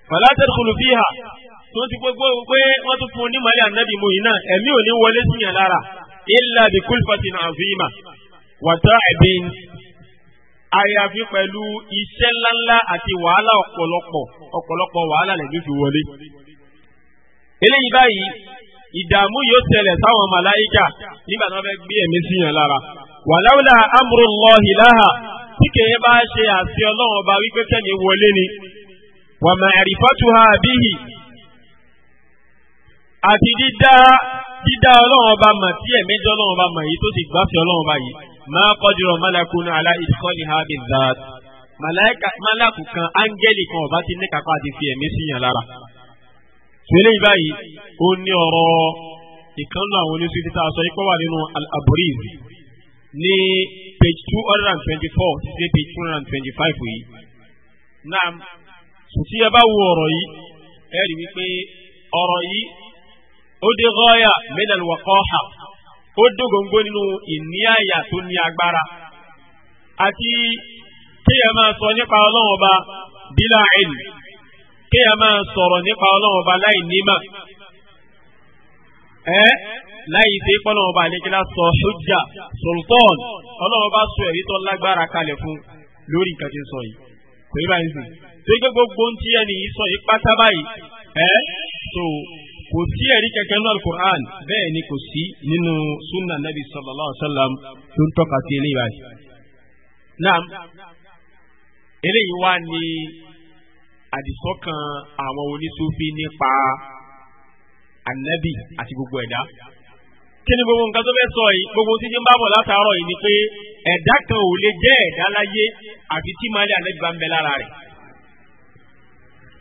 فلا تدخل فيها تنتم وتفهم لما النبي مهنا أمي ولي ولسني لارا إلا بكلفة عظيمة وتعب àyàfi pẹ̀lú iṣẹ́ ńláńlá àti wàhálà ọ̀pọ̀lọpọ̀ ọ̀pọ̀lọpọ̀ wàhálà lẹ́nu fi wọlé. eléyìí báyìí ìdààmú yóò ṣẹlẹ̀ sáwọn màláìkà nígbà tí wọ́n fẹ́ gbé ẹ̀mí sí yàn lára. wàláwùlà amrullahi laha tí kèé bá ṣe àṣẹ ọlọ́run ọba wípé kẹ́ni wọlé ni. wa ma'rifatuha bihi àti dídá dídá ọlọ́run ọba mà tí ẹ̀mí jẹ́ máa kọ́dúrọ̀ málàkùn àlá ìdíkọ́ni hábì zaad málàkù kan áńgẹ́lì kan ọba ti ní kápá àti fi ẹ̀mí síyàn lára. sẹ́lẹ̀ báyìí ó ní ọ̀rọ̀ ìkànnà àwọn oníṣu títà aṣọ ikọ́ wà nínú al-Abriz ní page two hundred and twenty-four sí page two hundred and twenty-five yìí. naam tí ẹ bá wo ọ̀rọ̀ yìí ẹ rí wípé ọ̀rọ̀ yìí ó dé gọ́ọ̀yà min al-waqaha. ó dógóńgó nínú ìní àyà tó ní agbára àti kéèyàn máa sọ nípa ọlọ́run ọba bílà ẹ̀lì kéèyàn máa sọ̀rọ̀ nípa ọlọ́run ọba láì nímà láì ṣe ọba àlékílá sọ ṣójà sultan ọlọ́run ọba sọ èyí tó lágbára kalẹ̀ fún lórí nǹkan tí ń sọ yìí kò báyìí sùn gbogbo ohun tí ẹni yìí kò sí ẹ̀rí kẹ̀kẹ́ nínú alukur'an bẹ́ẹ̀ ni kò sí nínú sunna nabi sallallahu alayhi wa sallam tó ń tọ́ka sí eléyìí báyìí. naam eléyìí wá ní àdìsọ́kàn àwọn onísúfí nípa anabi àti gbogbo ẹ̀dá. kí ni gbogbo nǹkan tó fẹ́ sọ yìí gbogbo tí ti ń bá bọ̀ látàárọ̀ yìí ni pé ẹ̀dá kan ò lè jẹ́ ẹ̀dá láyé àfi tí màálí anabi bá ń bẹ lára rẹ̀.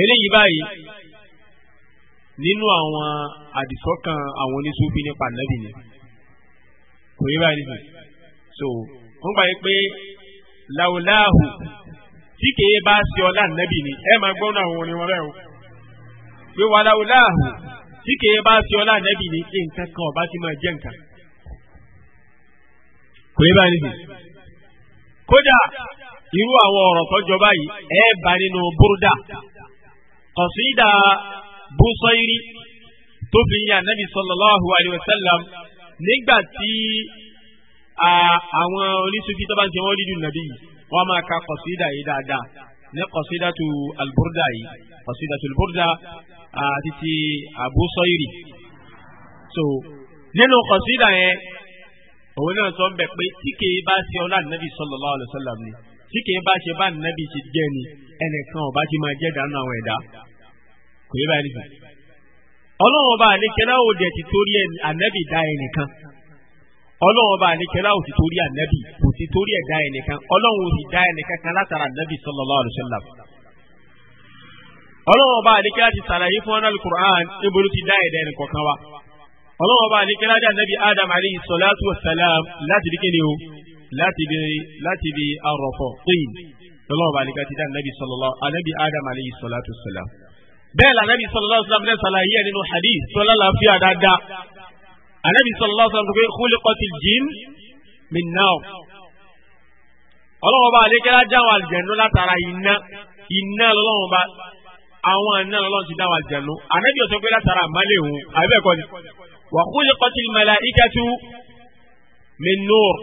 eléyìí báyìí nínú àwọn àdìsọ́kàn àwọn oníṣúfì nípa nàbì ni kò yé báyìí nìyí so wọ́n gbà yí pé làwùláhù tí kèé bá ṣe ọlá nàbì ni ẹ máa gbọ́n àwọn orin wọn bẹ́ẹ̀ o pé wàláwùláhù tí kèé bá ṣe ọlá nàbì ni kí nǹkan kan ọba ti máa jẹ́ nǹkan kò yé báyìí nìyí kódà irú àwọn ọ̀rọ̀ tó báyìí ẹ bá nínú búrúdà kọ̀sídà Busairi tó fi yin anabi sallallahu alayhi wa sallam nígbà tí àwọn oníṣòfin tó bá ń ṣe wọ́n lídùn nàbí wọ́n máa ka kọ̀sídà yìí dáadáa ní kọ̀sídà tu alburda yìí kọ̀sídà tu alburda àti ti Busairi. so nínú kọ̀sídà yẹn òun náà sọ bẹ pé tí kìí bá ṣe ọlá nàbí sallallahu alayhi wa sallam ni tí kìí bá ṣe bá nàbí ṣe jẹ́ ni ẹnìkan ọba ti máa jẹ́ dànù àwọn ẹ̀dá kò yẹ báyìí nìkan ọlọ́run ọba àníkẹ́lá ò dẹ̀ ti torí ànábì dá ẹnìkan ọlọ́run ọba àníkẹ́lá ò ti torí ànábì kò ti torí ẹ̀ dá ẹnìkan ọlọ́run ò sì dá ẹnìkan kan látara ànábì sallallahu alaihi wasallam ọlọ́run ọba àníkẹ́lá ti sàlàyé fún ọ́nà alukur'an níbo ti dá ẹ̀dá ẹnìkọ̀ọ̀kan wa ọlọ́run ọba àníkẹ́lá lọ́lọ́wọ́ àlìkà ti dá nàbì sọlọ́lọ́ ànàbì adam aleyhi sọlátù sọlá. bẹ́ẹ̀ la nàbì sọlọ́lọ́ sọlá fẹ́ sàlàyé nínú hadith sọlá làáfíà dáadáa. ànàbì sọlọ́lọ́ sọlá fẹ́ khuliqati jinn min nar. ọlọ́wọ́ bá àlìkà dá wà àlìjẹ̀nu látara iná iná lọ́wọ́ bá àwọn iná lọ́wọ́ ti dá wà àlìjẹ̀nu. ànàbì ọ̀sọ́ pé látara àmàlẹ́ òun àbẹ́ẹ̀kọ́ ni. wa khuliqati malaikatu min nur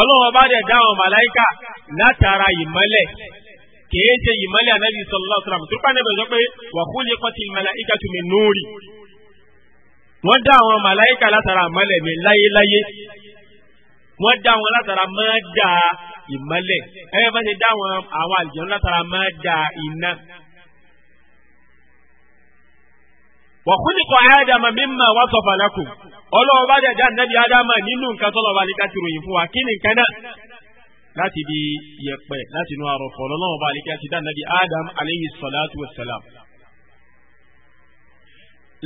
ọlọ́wọ́ bá dẹ̀ dá àwọn màláìkà látara ìmọ́lẹ̀ kìí ṣe ìmọ́lẹ̀ ànábì sallallahu alaihi wasallam tó pàdé bẹ̀rẹ̀ sọ pé wa khuliqatil malaikatu min nuri wọ́n dá àwọn màláìkà látara ìmọ́lẹ̀ mi láyéláyé wọ́n dá wọn látara máa dá ìmọ́lẹ̀ ẹ̀yẹ́ bá ṣe dá wọn àwọn àlùjànnú látara máa dá iná. wa khuliqa Adama mimma wasafa lakum ọlọ́run bá dẹ̀dá nẹ́bí ádámà nínú nǹkan tó lọ́ba ní kátìrò yìí fún wa kí ni nǹkan náà láti di yẹ̀pẹ̀ láti inú àròfọ̀ ọlọ́run bá nìkan ti dá nẹ́bí ádámà aleyhi salatu wa salam.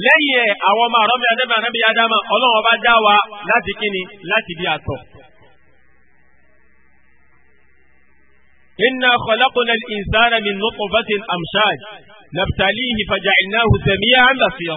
lẹ́yìn ẹ̀ àwọn ọmọ àrọ́mí adẹ́mà nẹ́bí ádámà ọlọ́run bá dá wa láti kí ni láti di àtọ̀. inna khalaqna al-insana min nutfatin amshaj nabtalihi faja'alnahu sami'an basira.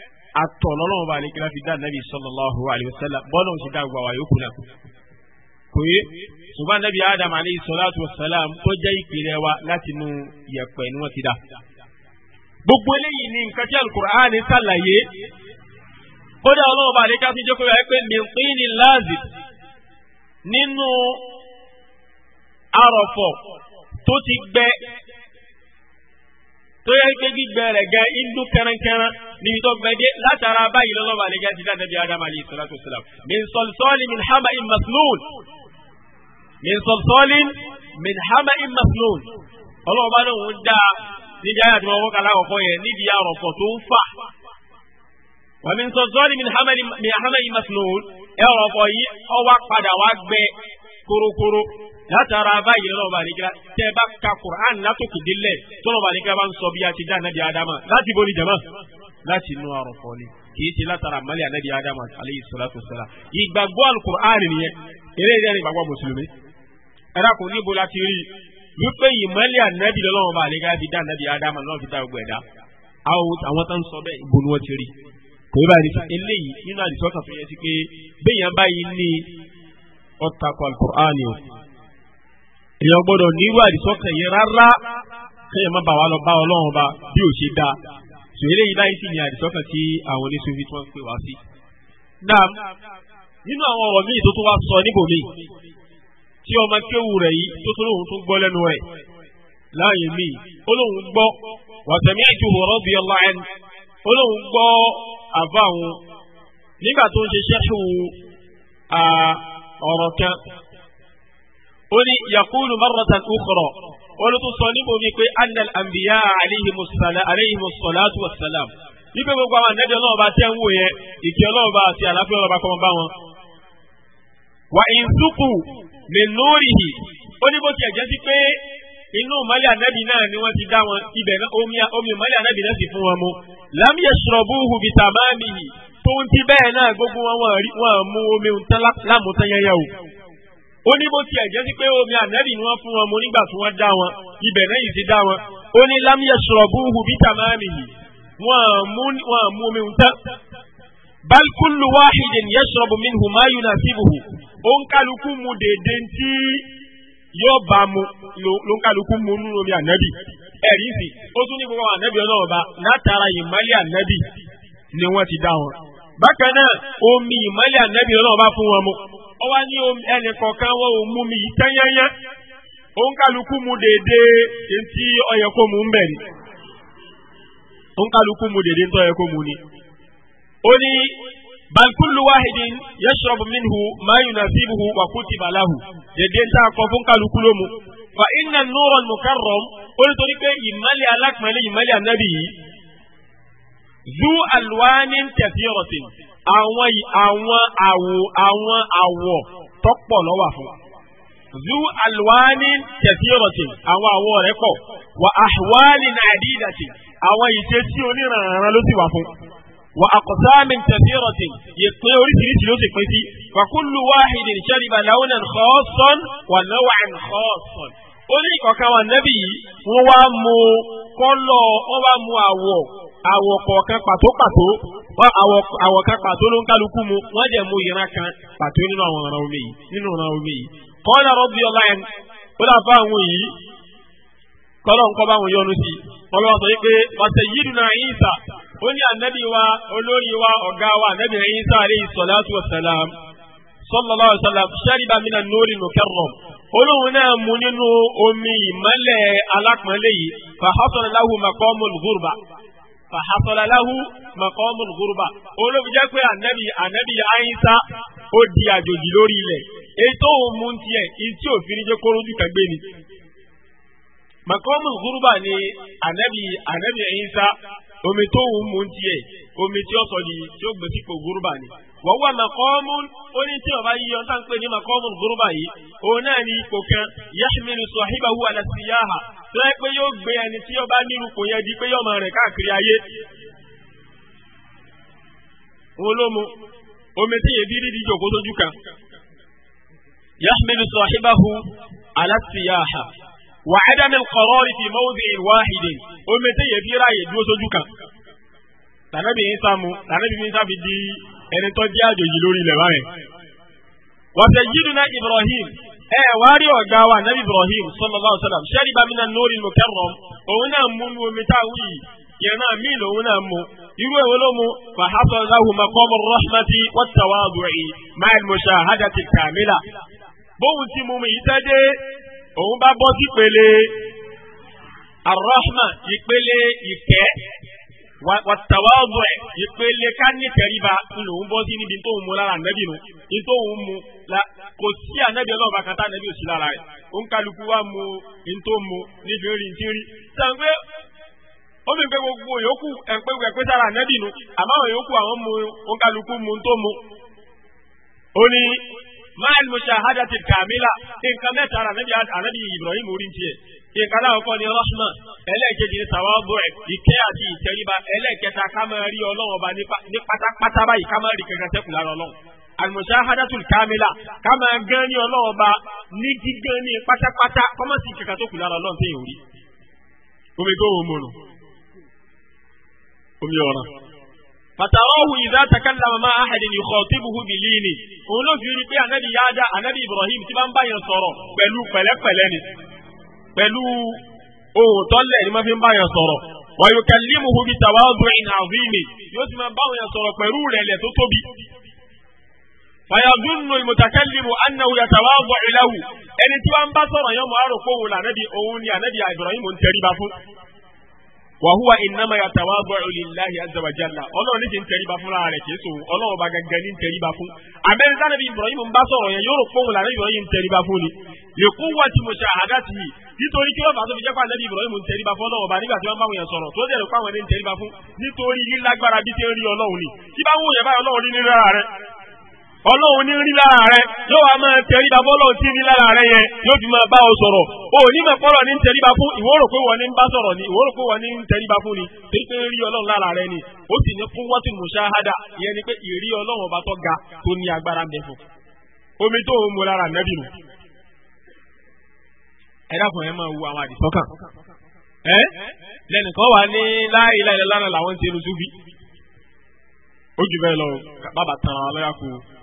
atọ̀lọ́lọ́wọ́ bá nìkíra fi dá nàbì sallallahu alayhi wa sallam bọ́lọ̀ ti dá gbàwá yòókù náà. kò yé ṣùgbọ́n nàbì adam alayhi salatu wa salam tó jẹ́ ìpìlẹ̀ wa láti nu yẹ̀pẹ̀ ni wọ́n ti dá. gbogbo eléyìí ni nǹkan tí alukur'ani sàlàyé kódà ọlọ́wọ́ bá nìkíra fi jókòó yàrá pé mìnkínni lazib nínú àrọ̀fọ̀ tó ti gbẹ tó yẹ pé gbígbẹ rẹ̀ gan inú kẹrankẹran níbi tó gbẹdẹ látara báyìí lọ́lọ́wọ́ àlejò àti dáadáa bíi adam alayhi salatu wasalam min salsalin min hama'in masnun min salsalin min hama'in masnun ọlọ́wọ́ bá náà wọ́n dá níbi ayé àti wọn wọ́n kàlá ọ̀kọ́ yẹn níbi arọ̀kọ̀ tó ń fà wa min salsalin min hama'in masnun ẹ̀rọ̀kọ̀ yìí ó padà wá gbẹ kúrúkúrú. látara báyìí lọ́wọ́ àdìgá tẹ́ bá ka Qur'an látòkè délẹ̀ tọ́lọ́wọ́ àdìgá bá ń sọ bí a ti dá anabi adama láti bọ́ ni jama láti inú ọrụ ni kì ti látara àmàlẹ́ anabi adama aleyhi salatu salam ìgbàgbọ́ alukur'an nìyẹn eré ìdá ni mùsùlùmí ẹ̀rọ kò rí wípé anabi lọ́wọ́ anabi adama lọ́wọ́ fi dá gbogbo ẹ̀dá àwọn tó ń sọ bẹ́ẹ̀ wọ́n ti rí èèyàn gbọ́dọ̀ nírú àdìsọ́kàn yẹn rárá kéèyàn má bà wá lọ bá ọlọ́run ọba bí ò ṣe dáa sọ eléyìí báyìí sì ni àdìsọ́kàn tí àwọn oníṣòwò tí wọ́n ń pè wá sí. náà nínú àwọn ọ̀rọ̀ míì tó tún wá sọ níbòmí tí ọmọ kéwù rẹ̀ yìí tó tún lóun tún gbọ́ lẹ́nu rẹ̀ láàyè míì ó lóun gbọ́ wàtẹ̀mí àjùhù radiyallahu anhu ó lóun gbọ́ àbá nígbà tó ń ṣe ṣẹ́ṣù ọ̀rọ̀ kan ó ní yakulu marratan ukhra wọ́n tún sọ níbo mi pé annal anbiya aleyhimusalatu wasalam wípé gbogbo àwọn ànẹ́bí ọlọ́run bá tẹ́ ń wò yẹn ìkí ọlọ́run bá àti àlàáfíà ọlọ́run bá kọ́ bá wọn. wà ìsúkù min nurihi ó ní bó tiẹ̀ jẹ́ sí pé inú ìmọ́lẹ̀ ànẹ́bí náà ni wọ́n ti dá wọn ibẹ̀ omi ìmọ́lẹ̀ ànẹ́bí náà sì fún wọn mu. lam yashrabuhu bitamamihi tó ń ti bẹ́ẹ̀ náà gbogbo wọn wọn mú omi ó ní bó tiẹ̀ jẹ́ sí pé omi ànábì ni wọ́n fún wọn mo nígbà tí wọ́n dá wọn ibẹ̀ náà yìí ti dá wọn ó ní lámìyẹ sọ̀rọ̀bùhù bí tàmáàmì yìí wọ́n á mú omi ń tán. balkulu wahidin yẹ sọ̀rọ̀bù mi hù máa yùn náà síbùhù ó ń kálukú mu dèédé tí yóò bá mu ló ń kálukú mu nínú omi ànábì ẹ̀rí sì ó tún ní gbogbo ànábì ọlọ́run ọba látara ìmọ̀lẹ̀ ànábì ni wọ́n ti dá wọn. bákan náà omi ìmọ̀lẹ̀ ànábì ọlọ́run ọba fún wọn mu ó wá ní ẹnì kọ̀ọ̀kan wọn ò mú mi yìí tẹ́yẹ́yẹ́ òun kálukú mu dèdè ntí ó yẹ kó mu ń bẹ̀ ni òun mu dèdè ntí ó kó mu ni. ó ní balkullu wahidin yashrabu minhu ma yunasibuhu wa kutiba lahu dèdè ntí a kọ fún kálukú ló mu. fa inna nuran mukarram ó ní torí pé ìmọ̀lẹ̀ alákùnrin ìmọ̀lẹ̀ ànábì yìí zu alwanin kathiratin àwọn àwọn àwò àwọn àwọ̀ tọ́pọ̀ lọ́wà fún wa. zu alwani kẹfìrọ̀tì àwọn àwọ̀ rẹ̀ pọ̀ wà àwálì nàdídàtì àwọn ìṣesí oníranran ló sì wà fún. wà àkọsáàmì kẹfìrọ̀tì ìpín oríṣiríṣi ló sì pín sí. fàkúlù wáhìdì ṣẹ́ríbà láwọn ẹ̀ńkọ́sán wà lọ́wọ́ ẹ̀ńkọ́sán. ó ní ìkọ̀kan wà nẹ́bí yìí wá mú kọ́lọ̀ wọ́n wá mú àwọ̀ àwọ̀ kọ̀ọ̀kan pàtó pàtó àwọ̀ kan pàtó ló ń kálukú mu wọ́n jẹ́ mu ìran kan pàtó nínú àwọn ọ̀ràn omi yìí nínú ọ̀ràn omi yìí rọ́bì ẹ̀ ó dà fún àwọn yìí ń kọ́ bá yọnu sí fàhásọ́lá láhù mọ̀kọ́mù gúrúbà olóbi jẹ́ pé ànábì ànábì àyínsá ó di àjòjì lórí ilẹ̀ ètò òmu tiẹ̀ ìtí òfin jẹ́ kórójú kẹgbẹ́ ni. mọ̀kọ́mù gúrúbà ni ànábì ànábì àyínsá omi tó òmu tiẹ̀ omi tí ó sọ di tí ó gbé sípò gúrúbà ni. wọ́n wà màkọ́mù ó ní tí ọba yíyọ tá ń pè ní màkọ́mù gúrúbà yìí òun náà ní ipò kan yahmilu sahibahu ala siyaha tó yẹ pé yóò gbé ẹni tí ọba nírú kò yẹ di pé yóò máa rẹ̀ káàkiri ayé. òun ló mu omi tí yèé dídí di jòkó sójú kan yahmilu sahibahu ala siyaha wa adami al-qarar fi omi tí yèé fi ráyè dúró sójú kan tànàbí yín sàmú tànàbí yín sàfi di ẹni tó jẹ́ àjòjì lórí ilẹ̀ báyẹn. wàtẹ̀ yídùnà Ibrahim ẹ wá rí ọ̀gá wa nàbí Ibrahim sallallahu alaihi wasallam sẹ́ni bá mi náà lórí mukarram òun náà mú nu omi tá a wù yìí yẹn náà mí lòun náà mú irú èwo ló mú fàhásọ̀ láhùn maqama rahmati wat-tawadu'i ma'al mushahadati kamila bóun ti mú mi yìí tẹ́ dé òun bá bọ́ sí pele ìpele ìkẹ́ wàtàwàbọ̀ ẹ̀ ìpele ká ní tẹríba nínú òun bọ́ sí níbi tó ń mu lára ànábì nù ní tó ń mu kò sí ànábì ọlọ́ọ̀bá kata òsì lára ẹ̀ kálukú wa mu ní tó mu níbi orí ní ti rí. sàn pé gbogbo yòókù ẹ̀pẹ́ ẹ̀pẹ́ sára Ibrahim orí ń nǹkan aláwọ̀kọ́ ni rahma ẹlẹ́ẹ̀kejì ni tawabu ìkẹ́ àti ìtẹríba ẹlẹ́ẹ̀kẹta ká máa rí ọlọ́run ọba ní pátápátá báyìí ká máa rí kankan sẹ́kù lára ọlọ́run al-mushahadatul kamila ká máa gán ní ọlọ́run ọba ní gígán ní pátápátá kọ́mọ́sì kankan tó lára ọlọ́run tó yẹn omi tó wọ́n mọ̀nà omi ọ̀ràn. فتراه إذا تكلم مع أحد يخاطبه بليني ولو في ربي النبي يادا النبي إبراهيم تبان باين صورو بلو بلا بلاني pẹ̀lú ohun tọ́lẹ̀ ni wọ́n fi ń bá yàn sọ̀rọ̀ wa yukallimuhu bi tawadu'in 'azimi yóò sì máa bá yàn sọ̀rọ̀ pẹ̀lú rẹ̀lẹ̀ tó tóbi. fayadunnu al-mutakallimu annahu yatawadu'u lahu ẹni tí wọ́n bá sọ̀rọ̀ yẹn mọ̀ wàhùwà ìnáma yàtàwà bọ̀rọ̀ lillahi azza wa jalla ọlọ́run ní ti ń tẹríba fúnra rẹ̀ kì í sòwò ọlọ́run bá gẹ́gẹ́ ní ń tẹríba fún. abẹ́rẹ́ sáré bíi ibrahim ń bá sọ̀rọ̀ yẹn yóò rò pọ́n lànà ibrahim ń fún ni. lè kú wá mo ṣe àdá ti yìí nítorí kí wọ́n bá tó fi jẹ́ fún ọlọ́run bá nígbà ń tẹríba fún ọlọ́run ọlọ́run ní rí lára rẹ yóò wá máa tẹríba bọ́lọ́run tí ní lára rẹ yẹn yóò fi máa bá ọ sọ̀rọ̀ o ní mọ̀ pọ́lọ̀ ní tẹríba fún ìwọ pé wọ́n ní ń bá sọ̀rọ̀ ni ìwọ pé wọ́n ní ń tẹríba fún ni torí pé rí ọlọ́run lára rẹ ni ó sì ní fún wọ́tí mùsáhádà ìyẹn ni pé ìrí ọlọ́run ọba tó ga tó ní agbára mẹ́ fún omi tó ń mu lára nẹ́bì nù. ẹ dákun ẹ máa wo àwọn àdìsọ́kàn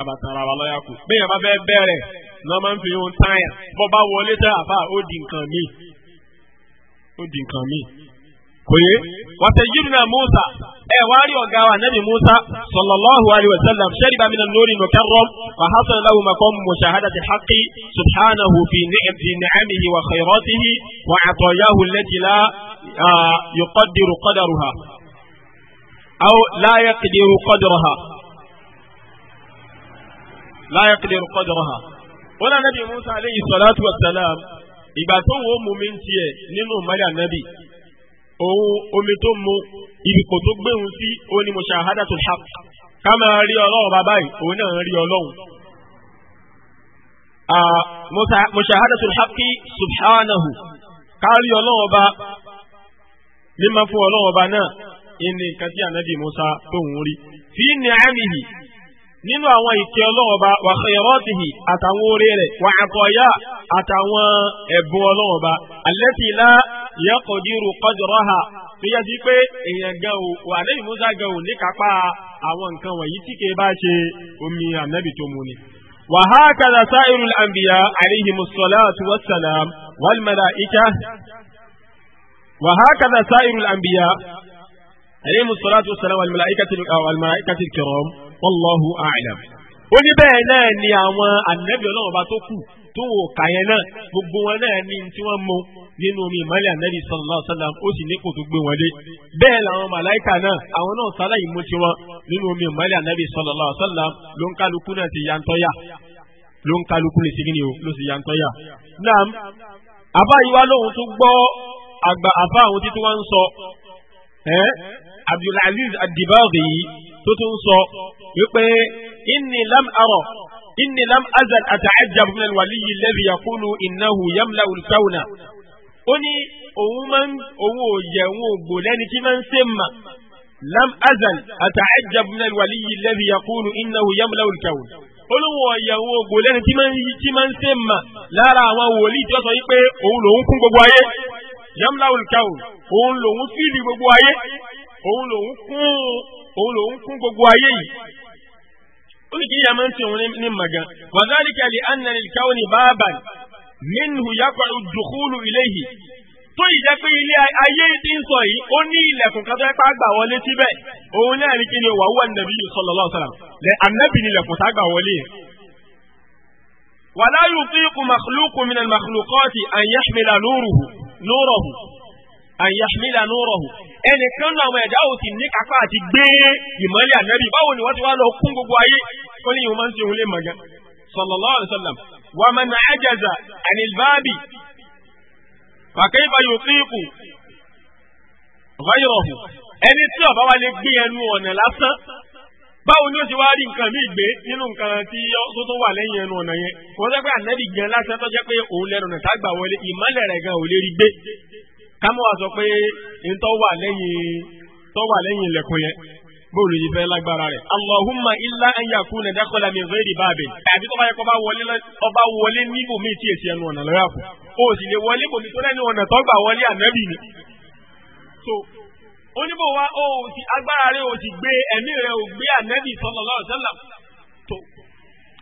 abatara wa lọ́yà kù bí yẹn bá fẹ́ bẹ̀rẹ̀ náà máa ń fi yún táyà bọ́ bá wọlé tẹ́ àfa ó di nǹkan míì ó di nǹkan míí. kò yé wàtẹ yìí nà Musa ẹ wá rí ọ̀gá wa nẹ́bi Musa sallallahu alayhi wa sallam sẹ́ni bá mi nà lórí nù kẹ́rọ́m wà hasan lahu maqam mushahadati haqqi subhanahu fi ni'amihi wa khayratihi wa atayahu allati la ah, yuqaddiru aw la yaqdiru qadaruha la yaqdiru qadraha ó náà nàbí Musa aleyhi salatu wa salam ìgbà tó wọ́n mú mi ń tiẹ̀ nínú mọ́lẹ̀ ànábì òun omi tó mu ibìkò tó gbéhùn sí òun ni mushahadatul haqq ká máa rí ọlọ́run bàbá yìí òun náà rí ọlọ́run. mushahadatul haqqi subhanahu ká rí ọlọ́run bá mímọ́ fún ọlọ́run bá náà ìní nǹkan tí ànábì Musa tó ń rí. fi ni'amihi nínú àwọn ìkẹ́ ọlọ́run ọba wà khayratihi àtàwọn oore rẹ̀ wà àkọ́yà àtàwọn ẹ̀bùn ọlọ́run ọba allati la yaqdiru qadraha tó yẹ sí pé èèyàn gan o wà lẹ́yìn musa gan o ní kápá àwọn nǹkan wọ̀nyí tí kìí bá ṣe omi ànábì tó mu ni. wa hakadha sa'irul anbiya alayhimus salatu wassalam wal malaika wa hakadha sa'irul anbiya alayhimus salatu wallahu a'lam. ó ní bẹ́ẹ̀ náà ni àwọn ànábì ọlọ́run ọba tó kù tó wò ká yẹn náà gbogbo wọn náà ní tí wọ́n mú nínú omi ìmọ̀lẹ̀ ànábì sallallahu alaihi wasallam ó sì ní kò tó gbé wọn dé bẹ́ẹ̀ làwọn màláìkà náà àwọn náà sálà yìí mú tiwọn nínú omi ìmọ̀lẹ̀ ànábì sallallahu alaihi wasallam ló ń kálukú náà ti yantọ́yà ló ń kálukú lè segin ni o ló sì yantọ́yà. naam àbá yìí wá lóhun tó gbọ́ àgbà àbá àwọn títí wọn ń sọ Abdulaziz ad yìí tó tún sọ wípé inni lam arọ inni lam azal ata'ajjab min al-waliyyi alladhi yaqulu innahu yamla'u al-kawna. ó ní òun máa ń òun ò yẹ òun ò gbò lẹ́ni tí máa ń ṣe mà lam azal ata'ajjab min al-waliyyi alladhi yaqulu innahu yamla'u al-kawna. olówó ọ̀yẹ̀ òun ò gbò lẹ́ni tí máa ń ṣe mà lára àwọn wòlíì tí wọ́n sọ wípé òun lòun kún gbogbo ayé yamla'u al òun lòun fíìlì gbogbo ayé òun lòun kún gbogbo ayé yìí ó sì kí ìyá máa ń fi òun ní màgán wàzálìkà lè anna lil kawni bábàn minhu yaqa'u dukhulu ilayhi tó yìí jẹ́ pé ilé ayé tí ń sọ yìí ó ní ilẹ̀kùn kan tó yẹ pé àgbà wọlé síbẹ̀ òun náà ní kí ni sallallahu alaihi wasallam lẹ ànábì ní ilẹ̀kùn tá àgbà wọlé yẹn. wala yutiqu makhluqun min al-makhluqati an yahmila nuruhu nuruhu an yahmila nuruhu ẹnìkan làwọn ẹ̀dá ò sì ní kápá àti gbé ìmọ̀lẹ̀ ànábì báwo ni wọ́n ti wá lọ kún gbogbo ayé kó ní ìwọ̀n máa ń ṣe wa man ajaza anil babi fa kayfa yutiqu ghayruhu ẹni tí ọba wa lè gbé ẹnu ọ̀nà lásán báwo ni ó ti wá rí nǹkan mí gbé nínú nǹkan tí ó tó wà lẹ́yìn ẹnu ọ̀nà yẹn kò gan lásán tó jẹ́ pé òun lẹ́nu gbà wọlé ìmọ̀lẹ̀ rẹ̀ gan kámọ́ wa sọ pé ntọ́ wà lẹ́yìn tọ́ wà lẹ́yìn ilẹ̀kùn yẹn bóòlù yìí fẹ́ lágbára rẹ̀. Allahumma illa an yakuna dakhala min ghairi babin. Àbí tó bá yẹ kó bá wọlé ọba wọlé níbò mí tí èsì ẹnu ọ̀nà lọ́yà kù. O sì lè wọlé bòmí tó lẹ́nu ọ̀nà tó wọlé ànábì ni. So oníbò wa o ti agbára rẹ̀ o ti gbé ẹ̀mí rẹ̀ o gbé ànábì sallallahu alaihi wasallam. So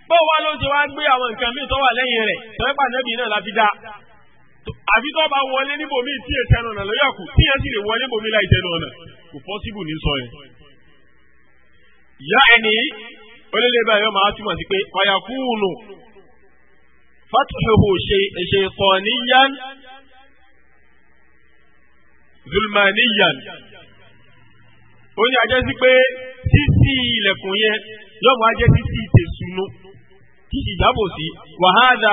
bó wa ló àfi tó bá wọlé níbòmí tí èsì ẹnu ọ̀nà lọ́yọ̀ kù tí yẹn sì lè wọlé níbòmí láì tẹnu ọ̀nà kò pọ́síbù ní sọ yẹn. ìyá ẹni onílé báyìí ọmọ á túmọ̀ sí pé fàyàkùnù fatuhu ṣe ṣe tọ̀níyàn zulmaniyan ó ní ajẹ́ sí pé títí ilẹ̀kùn yẹn yọ̀mọ̀ ajẹ́ títí ìtẹ̀sùnú tí sì jábò sí wàhálà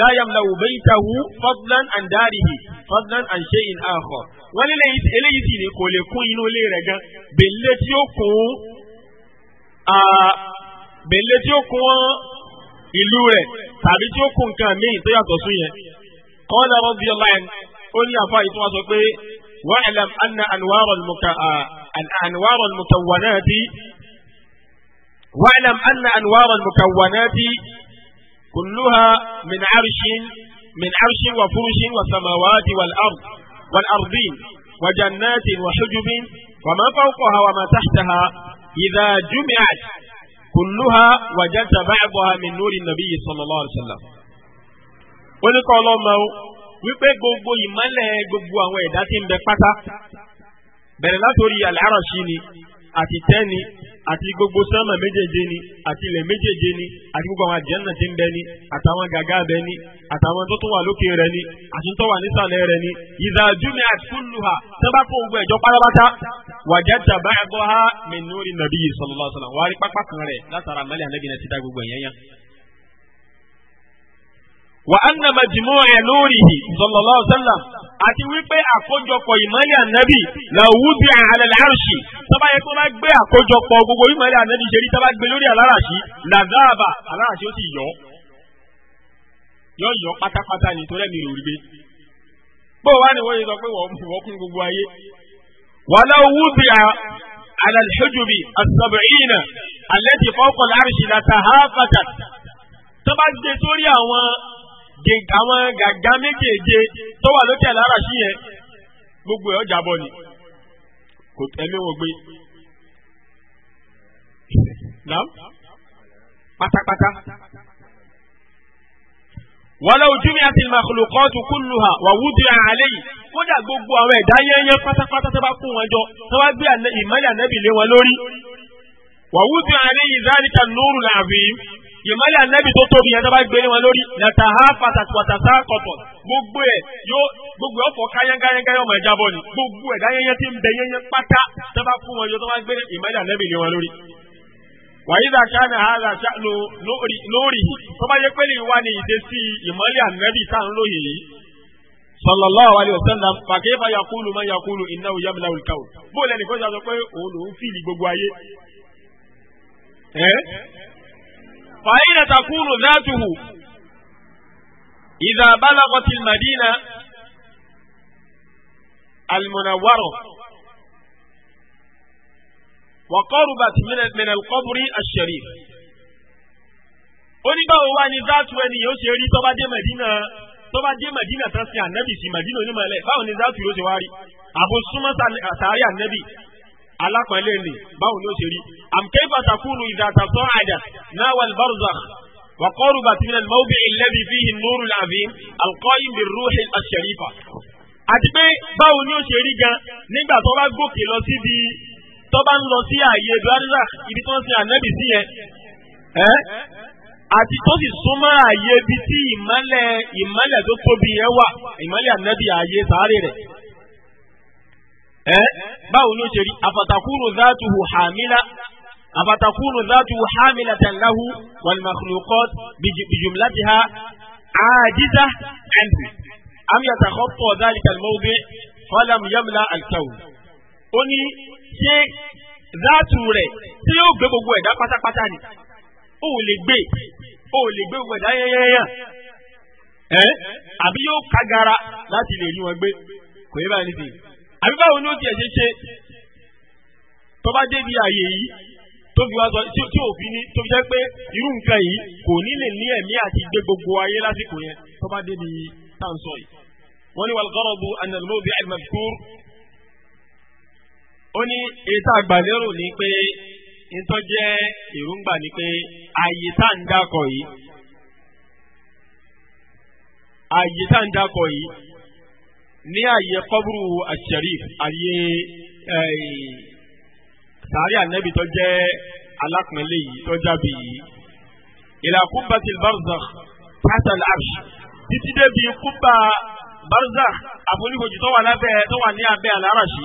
láyàmláwò baytahu fadlan an darihi fadlan an shay'in akhar wọ́n ní eléyìí sì ni kò lè kún inú ilé rẹ̀ gan bèlè tí ó kún bèlè tí ó kún ìlú rẹ̀ tàbí tí ó kún nǹkan míì tó yàtọ̀ sún yẹn qala radiyallahu anhu ó ní àfa ìtumọ̀ sọ pé wa'lam anna anwar al-mutawwanati. واعلم أن أنوار المكونات كلها من عرش من عرش وفرش وسماوات والأرض والأرضين وجنات وحجب وما فوقها وما تحتها إذا جمعت كلها وجدت بعضها من نور النبي صلى الله عليه وسلم ونقول الله wípé gbogbo ìmọ̀lẹ̀ gbogbo àwọn ẹ̀dá tí ń bẹ pátá bẹ̀rẹ̀ látòrí àlàárọ̀ sí ni àti tẹ́ ni àti gbogbo sánmà méjèèje ni àti ilẹ̀ méjèèje ni àti gbogbo àwọn àjẹ́nà tí ń bẹ ni àtàwọn gàgá bẹ ni àtàwọn tó tún wà lókè rẹ ni àti tó wà nísàlẹ̀ rẹ ni. ìdá júmíà kulluha sábà kó gbogbo ẹ̀jọ́ pátápátá wàjẹ́ tàbá ẹ̀gbọ́ ha mi núri nàbí yìí sallallahu alaihi wasallam wàá rí pápá kan rẹ̀ látara mẹ́lẹ̀ àlẹ́gìnà ti dá gbogbo ẹ̀yẹ́ yẹn. wà á nà majmu'a nurihi sallallahu alaihi àti wípé àkójọpọ̀ ìmọ̀lẹ̀ ànábì la wúdi ala al-arshi tọ́ba yẹ kó bá gbé àkójọpọ̀ gbogbo ìmọ̀lẹ̀ ànábì ṣe rí tọ́ba gbé lórí aláràṣí làdáàbà aláràṣí ó sì yọ yọ yọ pátápátá ni torí ẹ̀mí rò rí gbé. bó wá ni wọ́n yẹ sọ pé wọ́n kún gbogbo ayé. wàlá wúdi ala al-hujubi as-sab'ina allati fawqa al-arshi la tahafatat tọ́ba gbé sórí àwọn àwọn gàgá méjèèje tó wà lókè lára sí yẹn gbogbo ẹ̀ ọjà bọ̀ ni kò ẹ̀mí wọn gbé nam pátápátá. walaw jumi'atil makhluqatu kulluha wa wudi'a alayhi kódà gbogbo àwọn ẹ̀dá yẹ́nyẹ́ pátápátá tó bá kó wọn jọ tó bá gbé ìmọ̀lẹ̀ ànábì lé wọn lórí wa wudi'a alayhi dhalika an-nurul 'azim ìmọ̀lẹ̀ ànábì tó tóbi yẹn tó bá gbé wọn lórí nàtà ha pàtàkùwàtàsá kọ̀tọ̀ gbogbo ẹ̀ yóò gbogbo ọ̀fọ̀ káyángáyángáyá ọmọ ẹja bọ̀ ni gbogbo ẹ̀ gáyányá ti ń bẹ yẹnyẹn pátá tó bá fún wọn yóò tó bá gbé ìmọ̀lẹ̀ ànábì lé wọn lórí. wàyí zaka na ha zaka lórí tó bá yẹ pé lè wá ní ìdésí ìmọ̀lẹ̀ ànábì tá à ń lóye yìí sallallahu wa sallam fàkẹ́fà yakulu man yakulu innahu فأين تكون ذاته إذا بلغت المدينة المنورة وقربت من من القبر الشريف oníbàwò wa ni zaatu ẹni yóò ṣe rí tọ́ba dé Mẹ̀dínà tọ́ba dé Mẹ̀dínà tán sí ànábì sí Mẹ̀dínà onímọ̀lẹ́ báwo ni zaatu yóò ṣe wá rí àbò súnmọ́ sàárẹ̀ ànábì alápẹ̀lẹ́ ni báwo ni ó ṣe rí àmkẹ́ ìfàtàkùnù ìdàtàtọ́ àdà náà wà lbárzakh وقربت من الموضع الذي فيه النور العظيم القائم بالروح الشريفة àti pé báwo ni ó ṣe rí gan nígbà tó bá gòkè lọ síbi tó bá ń lọ sí ààyè barzakh ibi tó ń sin ànábì sí yẹn ẹ àti tó sì súnmọ́ ààyè ibi tí ìmọ́lẹ̀ ìmọ́lẹ̀ tó tóbi yẹn wà ìmọ́lẹ̀ ànábì ààyè sàárè rẹ̀ ẹ báwo ló ṣe rí afatakunu zaatuhu hamila afatakunu zaatuhu hamila tanlahu walmakhluqat bijumlatiha ajiza anhu am yatakhatta dhalika almawdi falam yamla alkawn. ó ní ṣé zaatu rẹ̀ tí yóò gbé gbogbo ẹ̀dá pátápátá ni ó lè gbé ó lè gbé gbogbo ẹ̀dá yẹ́yẹ́yẹ́ ẹ̀ àbí yóò kágara láti lè rí wọn gbé kò yẹ báyìí nìyí àbí báwo ni ó tiẹ̀ ṣe ṣe tó bá débi àyè yìí tó fi wá sọ tí tí òfin ní tó fi jẹ́ pé irú nǹkan yìí kò ní lè ní ẹ̀mí àti gbé gbogbo ayé lásìkò yẹn tó bá débi tá à ń sọ yìí. wọ́n ní wàlúkọ́rọ̀bù anàlmọ́bì àlùmọ̀kúr ó ní ètò àgbàlérò ní pé ìtọ́ èròǹgbà ní pé àyè tá à ń dákọ̀ yìí àyè tá à ń dákọ̀ yìí ní àyè kọ́búrú àṣẹríf àyè sàárì ànábì tó jẹ́ alákùnrinlẹ̀ yìí tó jábì yìí ila kubbatil barzakh tahta al-arsh títí débi kúbà barzakh àfonífojì tó wà lábẹ́ tó wà ní abẹ́ aláràṣí